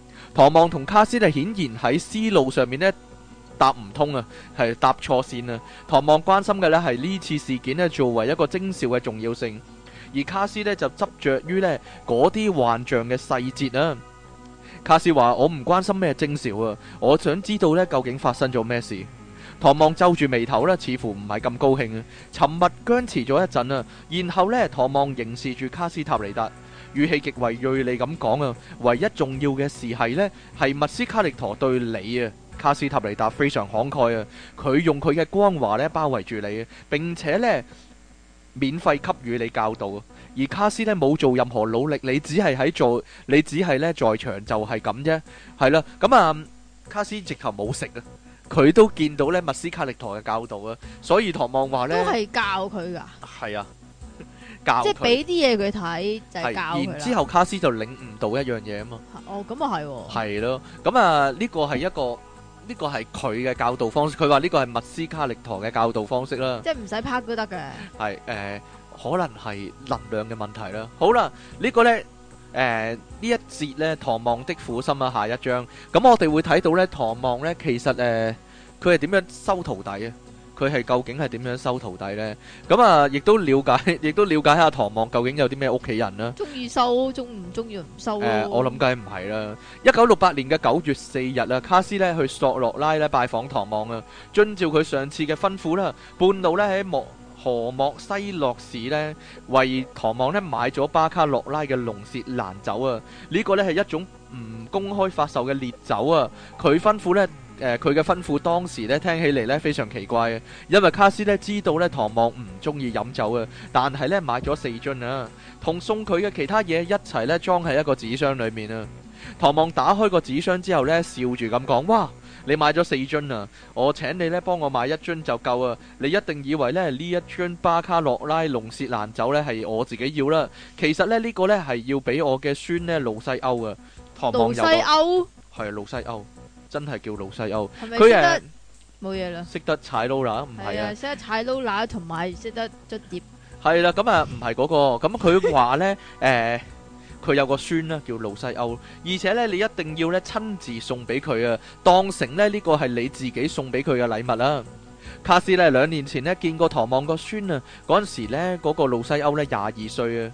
唐望同卡斯呢顯然喺思路上面呢搭唔通啊，係搭錯線啊。唐望關心嘅呢係呢次事件呢作為一個徵兆嘅重要性，而卡斯呢就執着於呢嗰啲幻象嘅細節啊。卡斯話：我唔關心咩徵兆啊，我想知道呢究竟發生咗咩事。唐望皺住眉頭呢似乎唔係咁高興啊。沉默僵持咗一陣啊，然後呢，唐望凝視住卡斯塔尼達。語氣極為銳利咁講啊，唯一重要嘅事係咧，係麥斯卡力陀對你啊，卡斯塔尼達非常慷慨啊，佢用佢嘅光華咧包圍住你啊，並且咧免費給予你教導啊，而卡斯咧冇做任何努力，你只係喺做，你只係咧在場就係咁啫，係啦，咁啊卡斯直頭冇食啊，佢都見到咧麥斯卡力陀嘅教導啊，所以唐望話咧都係教佢噶，係啊。即係俾啲嘢佢睇，就係教佢。然之後卡斯就領悟到一樣嘢啊嘛。哦，咁啊係。係咯，咁啊呢個係一個，呢個係佢嘅教導方式。佢話呢個係麥斯卡力陀嘅教導方式啦。即係唔使拍都得嘅。係誒，可能係能量嘅問題啦。好啦，呢個咧，誒呢一節咧，唐望的苦心啊，下一章。咁我哋會睇到咧，唐望咧，其實誒，佢係點樣收徒弟啊？佢係究竟係點樣收徒弟呢？咁啊，亦都了解，亦都了解下唐望究竟有啲咩屋企人啦。中意收，中唔中意唔收咯。誒，我諗梗唔係啦。一九六八年嘅九月四日啦，卡斯呢去索洛拉呢拜訪唐望啊。遵照佢上次嘅吩咐啦，半路呢喺莫何莫西洛市呢為唐望呢買咗巴卡洛拉嘅龍舌蘭酒啊。呢個呢係一種唔公開發售嘅烈酒啊。佢吩咐呢。誒，佢嘅吩咐當時咧，聽起嚟，咧非常奇怪嘅。因為卡斯咧知道咧唐望唔中意飲酒嘅，但係咧買咗四樽啊，同送佢嘅其他嘢，一齊咧裝喺一個紙箱裏面啦。唐望打開個紙箱之後咧，笑住咁講：哇，你買咗四樽啊！我請你咧幫我買一樽就夠啊！你一定以為咧呢一樽巴卡洛拉龍舌蘭酒咧係我自己要啦，其實咧呢個咧係要俾我嘅孫咧路西歐啊。唐望有個路西歐？係，路西歐。真係叫路西歐，佢誒冇嘢啦，識得踩 roller 唔係啊，識得踩 roller 同埋識得捽碟。係啦，咁啊唔係嗰個，咁佢話咧，誒佢有個孫啦，叫路西歐，而且咧你一定要咧親自送俾佢啊，當成咧呢個係你自己送俾佢嘅禮物啦。卡斯咧兩年前咧見過唐望個孫啊，嗰陣時咧嗰個路西歐咧廿二歲啊。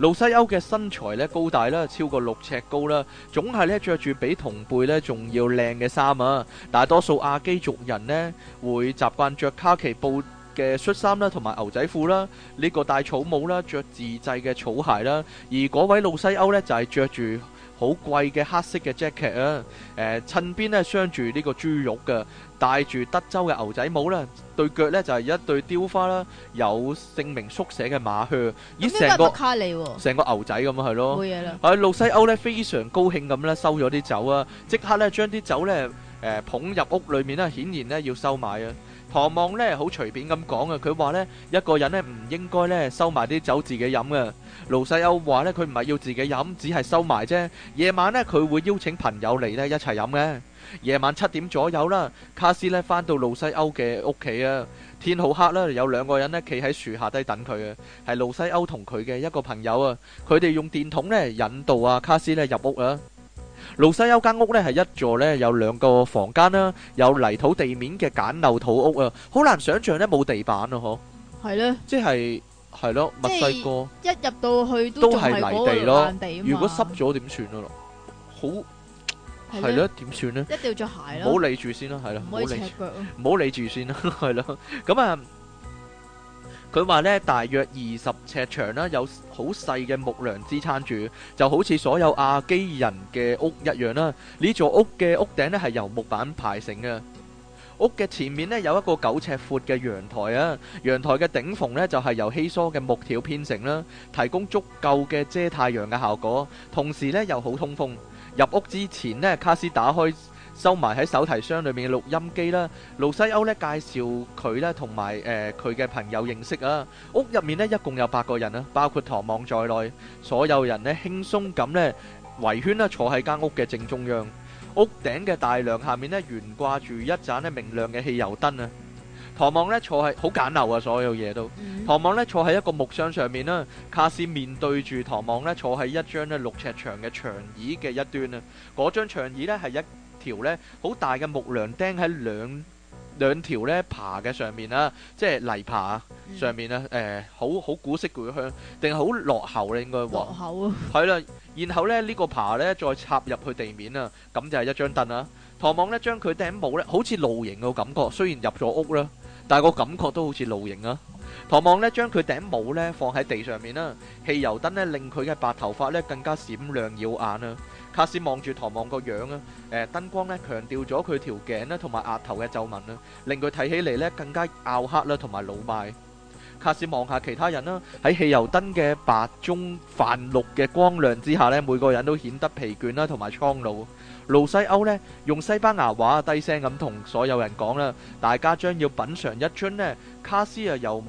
路西歐嘅身材咧高大啦，超過六尺高啦，總係咧著住比同輩咧仲要靚嘅衫啊！大多數阿基族人咧會習慣着卡其布嘅恤衫啦，同埋牛仔褲啦，呢個戴草帽啦，著自製嘅草鞋啦，而嗰位路西歐咧就係着住好貴嘅黑色嘅 jacket 啊，誒襯邊咧鑲住呢個豬肉嘅，戴住德州嘅牛仔帽啦，對腳咧就係一對雕花啦，有姓名縮寫嘅馬靴，咦成個成個牛仔咁啊，係咯，係路西歐咧非常高興咁咧收咗啲酒啊，即刻咧將啲酒咧誒捧入屋裏面啦，顯然咧要收買啊！唐望咧好隨便咁講啊，佢話咧一個人咧唔應該咧收埋啲酒自己飲嘅。盧西歐話咧佢唔係要自己飲，只係收埋啫。夜晚咧佢會邀請朋友嚟咧一齊飲嘅。夜晚七點左右啦，卡斯咧翻到盧西歐嘅屋企啊，天好黑啦，有兩個人咧企喺樹下低等佢啊，係盧西歐同佢嘅一個朋友啊，佢哋用電筒咧引導啊卡斯咧入屋啊。路西有間屋咧，係一座咧有兩個房間啦，有泥土地面嘅簡陋土屋啊，好難想象咧冇地板啊，嗬，係咧，即係係咯，墨西哥一入到去都係泥地咯，如果濕咗點算啊？咯，好係咧，點算呢？一定要着鞋啦，唔好理住先啦，係啦，唔好赤腳啊，唔好理住先啦，係啦，咁啊。佢話咧，大約二十尺長啦，有好細嘅木梁支撐住，就好似所有阿基人嘅屋一樣啦。呢座屋嘅屋頂咧係由木板排成嘅，屋嘅前面咧有一個九尺闊嘅陽台啊。陽台嘅頂縫咧就係由稀疏嘅木條編成啦，提供足夠嘅遮太陽嘅效果，同時咧又好通風。入屋之前咧，卡斯打開收埋喺手提箱裏面嘅錄音機啦。路西歐咧介紹佢咧同埋誒佢嘅朋友認識啊。屋入面咧一共有八個人啊，包括唐望在內。所有人咧輕鬆咁咧圍圈啦，坐喺間屋嘅正中央。屋頂嘅大梁下面咧懸掛住一盞咧明亮嘅汽油燈啊。唐望咧坐喺好簡陋啊，所有嘢都。唐望咧坐喺一個木箱上面啦。卡斯面對住唐望咧坐喺一張咧六尺長嘅長椅嘅一端啊。嗰張長椅咧係一。條咧好大嘅木梁釘喺兩兩條咧爬嘅上面啦，即係泥爬上面啦，誒好好古色古香，定係好落後咧應該話。落後啊！係啦，然後咧呢個爬咧再插入去地面啊，咁就係一張凳啦。唐望咧將佢頂帽咧好似露營嘅感覺，雖然入咗屋啦，但係個感覺都好似露營啊。唐望咧將佢頂帽咧放喺地上面啦，汽油燈咧令佢嘅白頭髮咧更加閃亮耀眼啊！卡斯望住唐望個樣啊，誒、呃，燈光咧強調咗佢條頸啦，同埋額頭嘅皺紋啦，令佢睇起嚟咧更加拗黑啦，同埋老邁。卡斯望下其他人啦，喺汽油燈嘅白中泛綠嘅光亮之下咧，每個人都顯得疲倦啦，同埋蒼老。路西歐咧用西班牙話低聲咁同所有人講啦，大家將要品嘗一樽咧，卡斯啊由。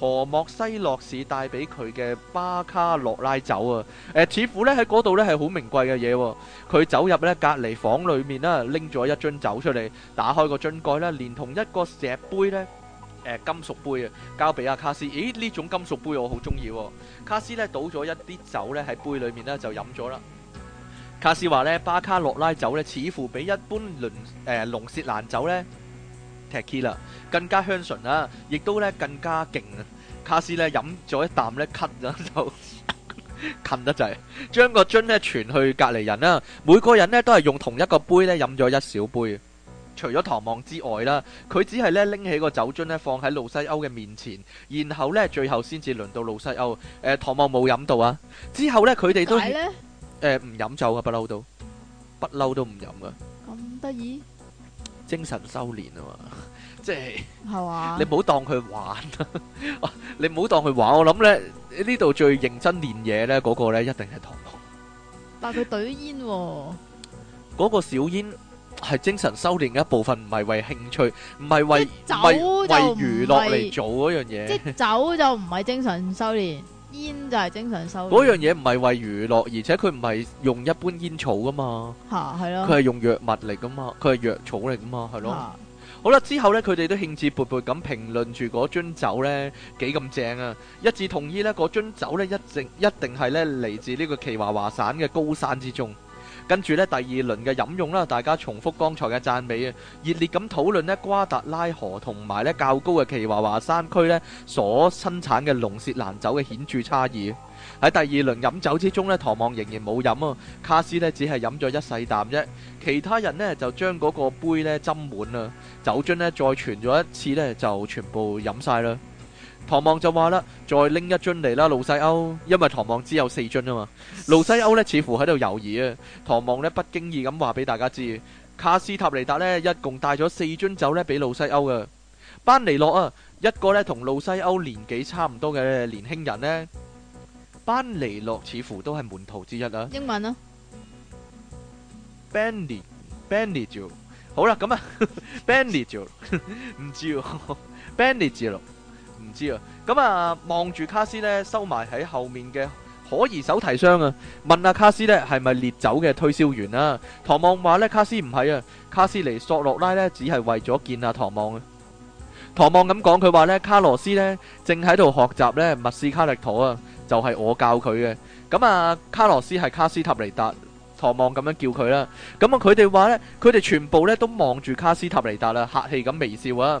何莫西諾士帶俾佢嘅巴卡洛拉酒啊？誒、呃，似乎呢喺嗰度呢係好名貴嘅嘢。佢走入呢隔籬房裏面啦，拎咗一樽酒出嚟，打開個樽蓋咧，連同一個石杯呢，呃、金屬杯啊，交俾阿卡斯。咦，呢種金屬杯我好中意。卡斯呢倒咗一啲酒呢喺杯裏面呢，就飲咗啦。卡斯話呢，巴卡洛拉酒呢，似乎比一般倫誒龍舌蘭酒呢，踢 key 啦，更加香醇啦，亦都咧更加勁。卡斯咧飲咗一啖咧，咳咗就近得滯，將個樽咧傳去隔籬人啦。每個人咧都係用同一個杯咧飲咗一小杯。除咗唐望之外啦，佢只係咧拎起個酒樽咧放喺路西歐嘅面前，然後咧最後先至輪到路西歐。誒，唐望冇飲到啊。之後咧佢哋都誒係咧唔飲酒嘅，不嬲都，不嬲都唔飲嘅。咁得意。精神修練啊嘛，即係你唔好當佢玩啊！你唔好當佢玩，我諗咧呢度最認真練嘢咧，嗰個咧一定係唐唐。但係佢對煙喎，嗰個小煙係精神修煉嘅一部分，唔係為興趣，唔係為唔係為娛樂嚟做嗰樣嘢。即係酒就唔係精神修煉。煙就係正常收。嗰樣嘢唔係為娛樂，而且佢唔係用一般煙草噶嘛，係咯、啊，佢係用藥物嚟噶嘛，佢係藥草嚟噶嘛，係咯。啊、好啦，之後呢，佢哋都興致勃勃咁評論住嗰樽酒呢幾咁正啊，一致同意呢，嗰樽酒呢一直一定係咧嚟自呢個奇華華省嘅高山之中。跟住咧，第二輪嘅飲用啦，大家重複剛才嘅讚美啊，熱烈咁討論咧，瓜達拉河同埋咧較高嘅奇華華山區咧所生產嘅龍舌蘭酒嘅顯著差異。喺第二輪飲酒之中咧，唐望仍然冇飲啊，卡斯咧只係飲咗一細啖啫，其他人咧就將嗰個杯咧斟滿啦，酒樽咧再傳咗一次咧，就全部飲晒啦。唐望就話啦，再拎一樽嚟啦，路西歐，因為唐望只有四樽啊嘛。路西歐咧似乎喺度猶豫啊。唐望咧不經意咁話俾大家知，卡斯塔尼達咧一共帶咗四樽酒咧俾路西歐嘅。班尼諾啊，一個咧同路西歐年紀差唔多嘅年輕人咧，班尼諾似乎都係門徒之一啦。英文啊，Benny，Benny 就好啦，咁啊，Benny 就唔知啊，Benny 就。知啊，咁啊望住卡斯呢收埋喺後面嘅可疑手提箱啊，問阿、啊、卡斯呢係咪烈酒嘅推銷員啊。唐望話呢，卡斯唔係啊，卡斯嚟索洛拉呢只係為咗見阿、啊、唐望啊。唐望咁講佢話呢，卡羅斯呢正喺度學習呢密斯卡力陀啊，就係、是、我教佢嘅。咁、嗯、啊卡羅斯係卡斯塔尼達，唐望咁樣叫佢啦、啊。咁啊佢哋話呢，佢哋全部呢都望住卡斯塔尼達啦，客氣咁微笑啊。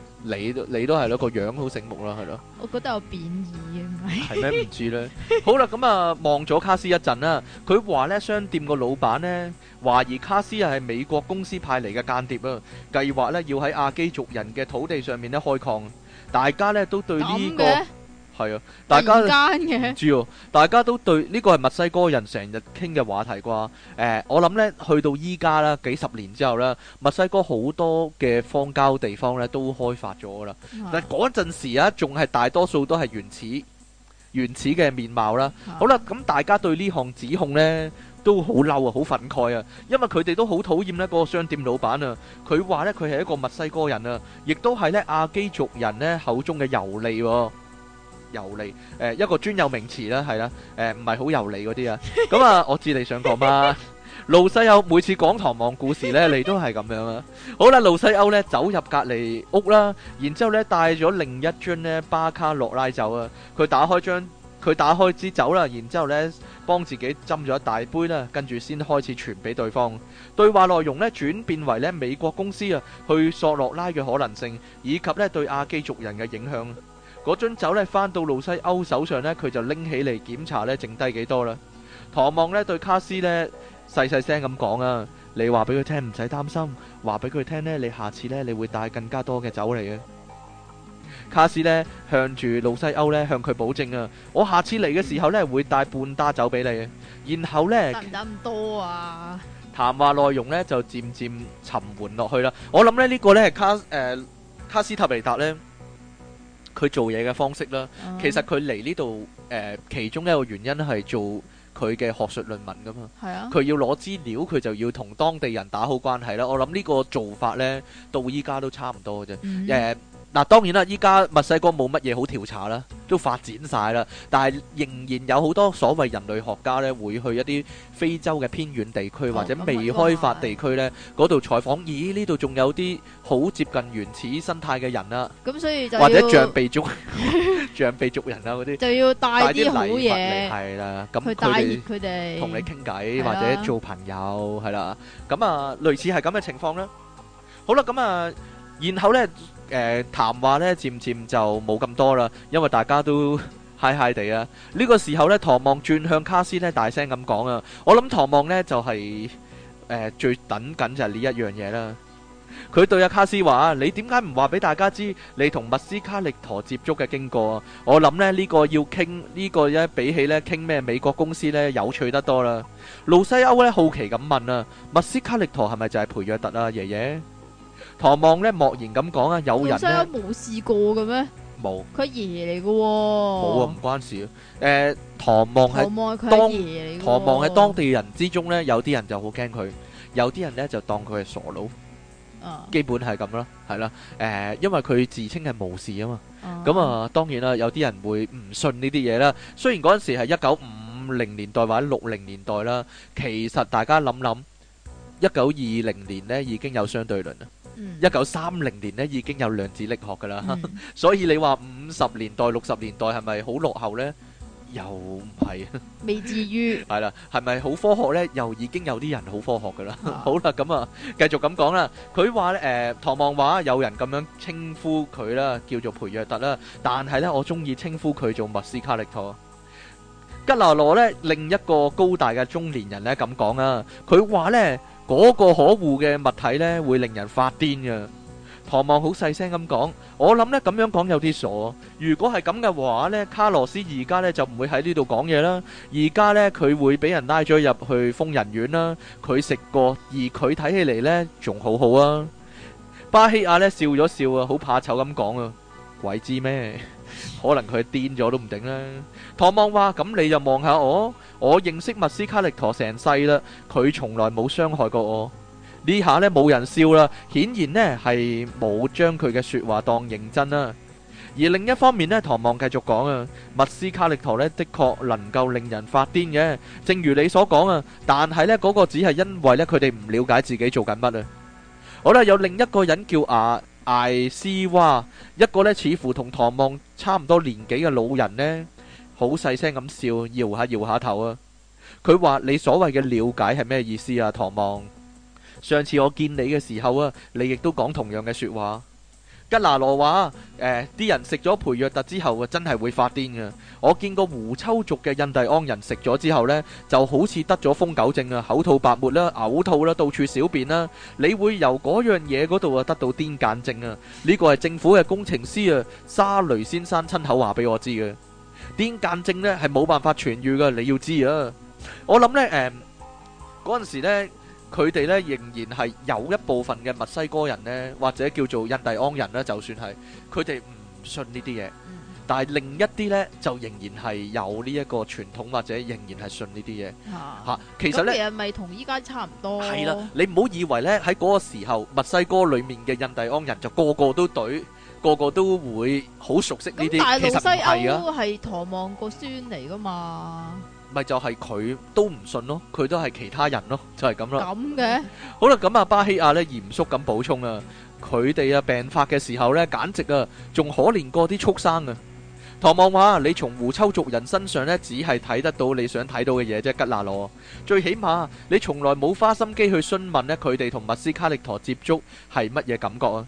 你都你都係咯，個樣好醒目咯，係咯。我覺得有貶義啊，係。係咩唔知咧？好啦，咁啊望咗卡斯一陣啦，佢話咧商店個老闆咧懷疑卡斯係美國公司派嚟嘅間諜啊，計劃咧要喺阿基族人嘅土地上面咧開礦，大家咧都對呢個。係，大家主要大家都對呢個係墨西哥人成日傾嘅話題啩？誒，我諗咧去到依家啦，幾十年之後啦，墨西哥好多嘅荒郊地方咧都開發咗啦。但係嗰陣時啊，仲係大多數都係原始，原始嘅面貌啦。好啦，咁大家對呢項指控咧都好嬲啊，好憤慨啊，因為佢哋都好討厭咧嗰個商店老闆啊。佢話咧佢係一個墨西哥人啊，亦都係咧阿基族人咧口中嘅游離。油膩，誒，一個專有名詞啦，係啦，誒，唔係好油膩嗰啲啊，咁啊我知你想講嘛，路西歐每次講唐望故事咧你都係咁樣啊。好啦，路西歐咧走入隔離屋啦，然之後咧帶咗另一樽咧巴卡洛拉酒啊，佢打開樽，佢打開支酒啦，然之後咧幫自己斟咗一大杯啦，跟住先開始傳俾對方。對話內容咧轉變為咧美國公司啊去索洛拉嘅可能性，以及咧對亞基族人嘅影響。嗰樽酒咧翻到路西歐手上呢，佢就拎起嚟檢查呢，剩低幾多啦？唐望呢對卡斯呢，細細聲咁講啊，你話俾佢聽唔使擔心，話俾佢聽呢，你下次呢，你會帶更加多嘅酒嚟嘅。卡斯呢，向住路西歐呢，向佢保證啊，我下次嚟嘅時候呢，會帶半打酒俾你嘅。然後呢，帶咁多啊。談話內容呢，就漸漸沉緩落去啦。我諗咧呢、這個呢，係卡誒、呃、卡斯塔尼達呢。佢做嘢嘅方式啦，uh, 其實佢嚟呢度誒，其中一個原因係做佢嘅學術論文噶嘛，係啊、佢要攞資料，佢就要同當地人打好關係啦。我諗呢個做法呢，到依家都差唔多嘅啫，誒、mm。Hmm. 呃嗱，當然啦！依家墨西哥冇乜嘢好調查啦，都發展曬啦，但係仍然有好多所謂人類學家咧，會去一啲非洲嘅偏遠地區或者未開發地區咧，嗰度採訪。咦？呢度仲有啲好接近原始生態嘅人啦。咁所以就要或者象鼻族、象鼻族人啦嗰啲，就要帶啲禮物，係啦，咁佢哋同你傾偈或者做朋友，係啦。咁啊，類似係咁嘅情況啦。好啦，咁啊，然後咧。誒，談、呃、話咧漸漸就冇咁多啦，因為大家都嗨嗨地啊。呢、這個時候呢，唐望轉向卡斯呢，大聲咁講啊。我諗唐望呢，就係、是、誒、呃、最等緊就係呢一樣嘢啦。佢對阿卡斯話，你點解唔話俾大家知你同麥斯卡力陀接觸嘅經過？我諗咧呢、這個要傾、這個、呢個，一比起咧傾咩美國公司呢，有趣得多啦。路西歐呢，好奇咁問啊，麥斯卡力陀係咪就係培約特啊，爺爺？唐望咧莫言咁講啊，有人咧冇試過嘅咩？冇，佢爺爺嚟嘅。冇啊，唔關事。誒，唐望係當唐望係當地人之中咧，有啲人就好驚佢，有啲人咧就當佢係傻佬。啊，基本係咁啦，係啦。誒，因為佢自稱係巫師啊嘛。哦。咁啊，當然啦，有啲人會唔信呢啲嘢啦。雖然嗰陣時係一九五零年代或者六零年代啦，其實大家諗諗，一九二零年咧已經有相對論啦。一九三零年咧，已經有量子力學噶啦，所以你話五十年代、六十年代係咪好落後咧？又唔係，未至於係啦。係咪好科學咧？又已經有啲人好科學噶啦。好啦，咁啊，繼續咁講啦。佢話咧，誒，唐望話有人咁樣稱呼佢啦，叫做培約特啦。但係咧，我中意稱呼佢做麥斯卡力陀。吉拿羅咧，另一個高大嘅中年人咧，咁講啊，佢話咧。嗰個可惡嘅物體呢，會令人發癲嘅。唐望好細聲咁講，我諗呢，咁樣講有啲傻啊。如果係咁嘅話呢，卡羅斯而家呢，就唔會喺呢度講嘢啦。而家呢，佢會俾人拉咗入去瘋人院啦，啊。佢食過，而佢睇起嚟呢，仲好好啊。巴希亞呢，笑咗笑啊，好怕醜咁講啊，鬼知咩？可能佢癲咗都唔定啦。唐望話：咁你就望下我，我認識麥斯卡力陀成世啦，佢從來冇傷害過我。呢下呢，冇人笑啦，顯然呢係冇將佢嘅說話當認真啦。而另一方面呢，唐望繼續講啊，麥斯卡力陀呢，的確能夠令人發癲嘅，正如你所講啊。但係呢，嗰個只係因為呢，佢哋唔了解自己做緊乜啊。好啦，有另一個人叫阿。艾斯話：see, 一個咧，似乎同唐望差唔多年紀嘅老人咧，好細聲咁笑，搖下搖下頭啊！佢話：你所謂嘅了解係咩意思啊？唐望，上次我見你嘅時候啊，你亦都講同樣嘅說話。吉拿羅話：誒、呃，啲人食咗培約特之後啊，真係會發癲嘅。我見過胡秋族嘅印第安人食咗之後呢，就好似得咗瘋狗症啊，口吐白沫啦，嘔吐啦，到處小便啦。你會由嗰樣嘢嗰度啊，得到癲癇症啊。呢個係政府嘅工程師啊，沙雷先生親口話俾我知嘅。癲癇症呢，係冇辦法痊愈噶，你要知啊。我諗、呃、呢誒，嗰陣時咧。佢哋咧，仍然係有一部分嘅墨西哥人呢，或者叫做印第安人呢，就算係佢哋唔信呢啲嘢，嗯、但係另一啲呢，就仍然係有呢一個傳統，或者仍然係信呢啲嘢嚇。其實呢，其實咪同依家差唔多。係啦、啊，你唔好以為呢，喺嗰個時候墨西哥裡面嘅印第安人就個個都對，個個都會好熟悉呢啲。其、嗯、實唔係啊，係唐望個孫嚟噶嘛。咪就係佢都唔信咯，佢都係其他人咯，就係咁咯。咁嘅好啦，咁啊巴希亞咧嚴肅咁補充啊，佢哋啊病發嘅時候咧，簡直啊仲可憐過啲畜生啊！唐望話：你從胡秋族人身上咧，只係睇得到你想睇到嘅嘢啫，吉娜羅。最起碼你從來冇花心機去詢問咧，佢哋同麥斯卡力陀接觸係乜嘢感覺啊！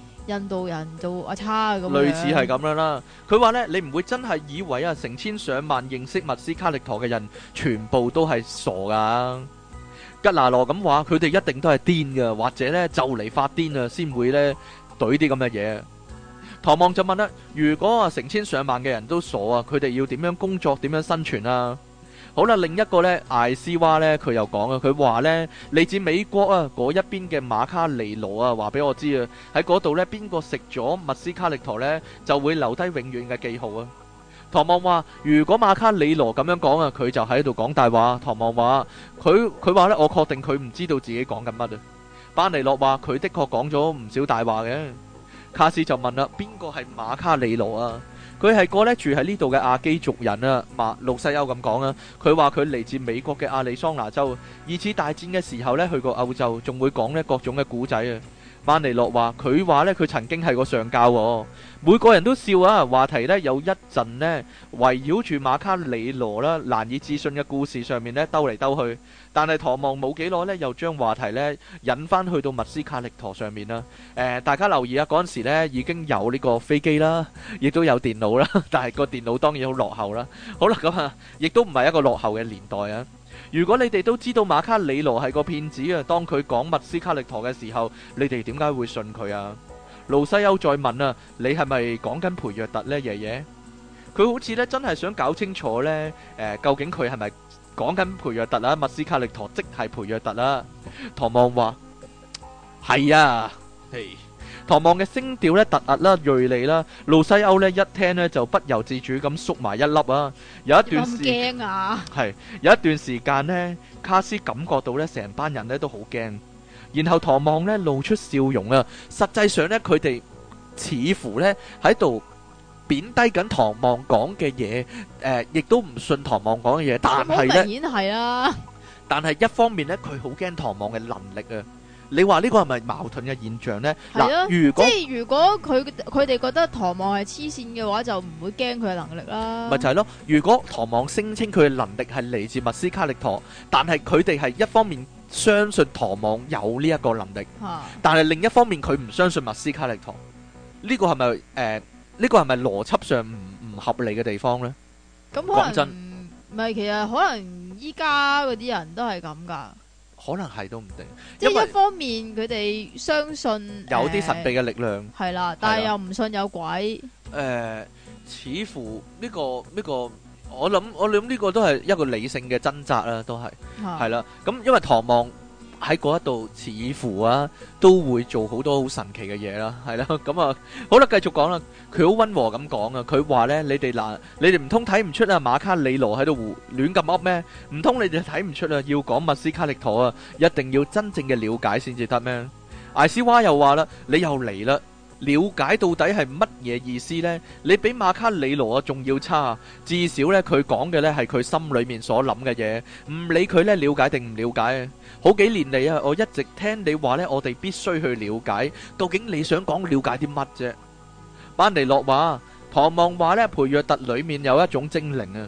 印度人都阿叉咁樣，類似係咁樣啦。佢話咧，你唔會真係以為啊，成千上萬認識麥斯卡力陀嘅人，全部都係傻噶。吉拿羅咁話，佢哋一定都係癲噶，或者咧就嚟發癲啊，先會咧懟啲咁嘅嘢。唐望就問啦：如果啊，成千上萬嘅人都傻啊，佢哋要點樣工作，點樣生存啊？好啦，另一個呢，艾斯娃呢，佢又講啊，佢話呢，嚟自美國啊嗰一邊嘅馬卡尼羅啊，話俾我知啊，喺嗰度呢，邊個食咗麥斯卡力陀呢，就會留低永遠嘅記號啊。唐望話：如果馬卡尼羅咁樣講啊，佢就喺度講大話。唐望話：佢佢話呢，我確定佢唔知道自己講緊乜啊。班尼諾話：佢的確講咗唔少大話嘅。卡斯就問啦：邊個係馬卡尼羅啊？佢係個咧住喺呢度嘅亞基族人啊，馬路西歐咁講啊。佢話佢嚟自美國嘅亞利桑那州，二次大戰嘅時候呢，去過歐洲，仲會講呢各種嘅古仔啊。班尼洛話：佢話呢，佢曾經係個上教喎。每個人都笑啊。話題呢有一陣呢，圍繞住馬卡里羅啦，難以置信嘅故事上面呢，兜嚟兜去。但係唐望冇幾耐呢，又將話題呢引返去到麥斯卡力陀上面啦。誒、呃，大家留意啊，嗰陣時咧已經有呢個飛機啦，亦都有電腦啦，但係個電腦當然好落後啦。好啦，咁啊，亦都唔係一個落後嘅年代啊。如果你哋都知道馬卡里羅係個騙子啊，當佢講麥斯卡力陀嘅時候，你哋點解會信佢啊？盧西歐再問啊，你係咪講緊培若特呢？爺爺？佢好似咧真係想搞清楚呢，誒、呃，究竟佢係咪講緊培若特啊？麥斯卡力陀即係培若特啦。唐望話：係啊。嘿唐望嘅聲調咧突兀啦銳利啦，路西歐呢，一聽呢就不由自主咁縮埋一粒啊！有一段時間，驚係、啊、有一段時間咧，卡斯感覺到呢成班人呢都好驚，然後唐望呢露出笑容啊！實際上呢，佢哋似乎呢喺度貶低緊唐望講嘅嘢，誒、呃，亦都唔信唐望講嘅嘢，但係呢，啊、明顯係啦、但係一方面呢，佢好驚唐望嘅能力啊！你話呢個係咪矛盾嘅現象呢？嗱、啊，即係如果佢佢哋覺得唐望係黐線嘅話，就唔會驚佢嘅能力啦。咪就係咯，如果唐望聲稱佢嘅能力係嚟自麥斯卡力陀，但係佢哋係一方面相信唐望有呢一個能力，啊、但係另一方面佢唔相信麥斯卡力陀，呢、這個係咪誒？呢、呃這個係咪邏輯上唔唔合理嘅地方呢？咁、嗯、可能唔咪，其實可能依家嗰啲人都係咁噶。可能係都唔定，即一方面佢哋相信有啲神秘嘅力量係啦、呃，但係又唔信有鬼。誒、呃，似乎呢、這個呢、這個，我諗我諗呢個都係一個理性嘅掙扎啦，都係係啦。咁、啊、因為唐望。喺嗰度似乎啊，都會做好多好神奇嘅嘢啦，係啦，咁啊，好啦，繼續講啦，佢好溫和咁講啊，佢話呢：你「你哋嗱，你哋唔通睇唔出啊，馬卡里羅喺度胡亂咁噏咩？唔通你哋睇唔出啊？要講麥斯卡力陀啊，一定要真正嘅了解先至得咩？」艾斯娃又話啦，你又嚟啦。了解到底係乜嘢意思呢？你比馬卡里羅啊仲要差，至少呢，佢講嘅呢係佢心裏面所諗嘅嘢，唔理佢呢，了解定唔了解。好幾年嚟啊，我一直聽你話呢，我哋必須去了解，究竟你想講了解啲乜啫？班尼洛話，唐望話呢，培約特裏面有一種精靈啊。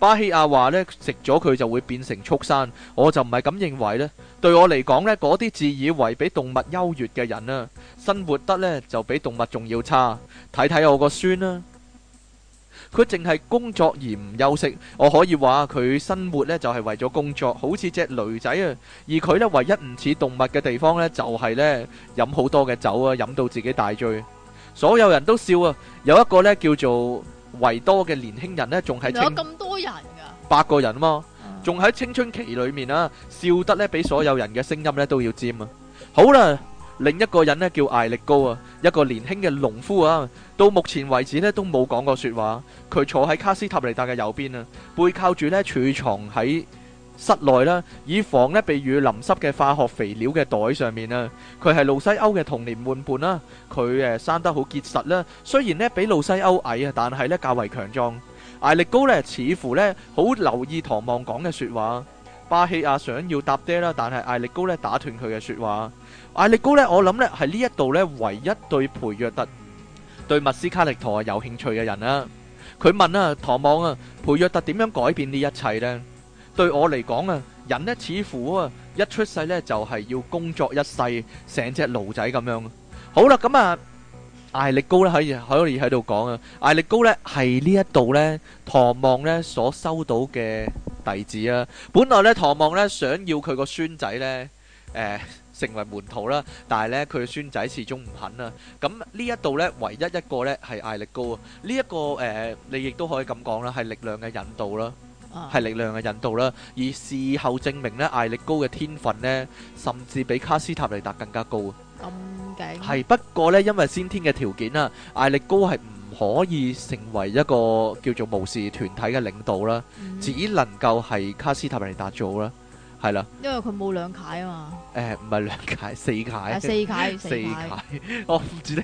巴希亞話呢，食咗佢就會變成畜生，我就唔係咁認為。呢對我嚟講，呢嗰啲自以為比動物優越嘅人啦，生活得呢就比動物仲要差。睇睇我個孫啦，佢淨係工作而唔休息，我可以話佢生活呢就係為咗工作，好似隻驢仔啊。而佢呢唯一唔似動物嘅地方呢，就係呢飲好多嘅酒啊，飲到自己大醉。所有人都笑啊，有一個呢叫做。維多嘅年輕人咧，仲係有咁多人噶，八個人啊嘛，仲喺青春期裏面啦，笑得咧比所有人嘅聲音咧都要尖啊！好啦，另一個人咧叫艾力高啊，一個年輕嘅農夫啊，到目前為止咧都冇講過說話，佢坐喺卡斯塔尼達嘅右邊啊，背靠住咧儲藏喺。室內啦，以防咧被雨淋濕嘅化學肥料嘅袋上面啦。佢係路西歐嘅童年玩伴啦。佢誒生得好結實啦。雖然咧比路西歐矮啊，但係咧較為強壯。艾力高咧似乎咧好留意唐望講嘅說話。巴西亞想要搭爹啦，但係艾力高咧打斷佢嘅說話。艾力高咧，我諗咧係呢一度咧唯一對培約特對麥斯卡力陀有興趣嘅人啦。佢問啊，唐望啊，培約特點樣改變呢一切呢？」對我嚟講啊，人咧似乎啊一出世咧就係要工作一世，成隻奴仔咁樣。好啦，咁啊艾力高咧可以可以喺度講啊，艾力高咧係呢一度咧唐望咧所收到嘅弟子啊。本來咧唐望咧想要佢個孫仔咧誒成為門徒啦，但係咧佢嘅孫仔始終唔肯啊。咁呢一度咧唯一一個咧係艾力高啊，呢一個誒你亦都可以咁講啦，係力量嘅引導啦。係力量嘅引導啦，而事後證明呢，艾力高嘅天分呢，甚至比卡斯塔尼達更加高，咁勁。係不過呢，因為先天嘅條件啦，艾力高係唔可以成為一個叫做武士團體嘅領導啦，嗯，只能夠係卡斯塔尼達做啦。係啦，因為佢冇兩階啊嘛。誒、欸，唔係兩階，四階啊。四階，四階。我唔解、 [LAUGHS] 哦、知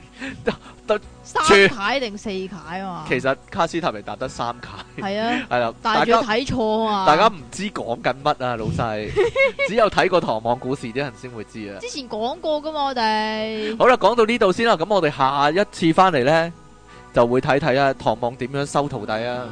得得三階定四階啊嘛。其實卡斯塔尼達得三階。係啊。係啦 [LAUGHS] 了，但係睇錯啊。大家唔知講緊乜啊，老細。 [LAUGHS] 只有睇過《唐望故事》啲人先會知啊。之前講過噶嘛，我哋。好啦，講到呢度先啦。咁我哋下一次翻嚟咧，就會睇睇啊，唐望點樣收徒弟啊。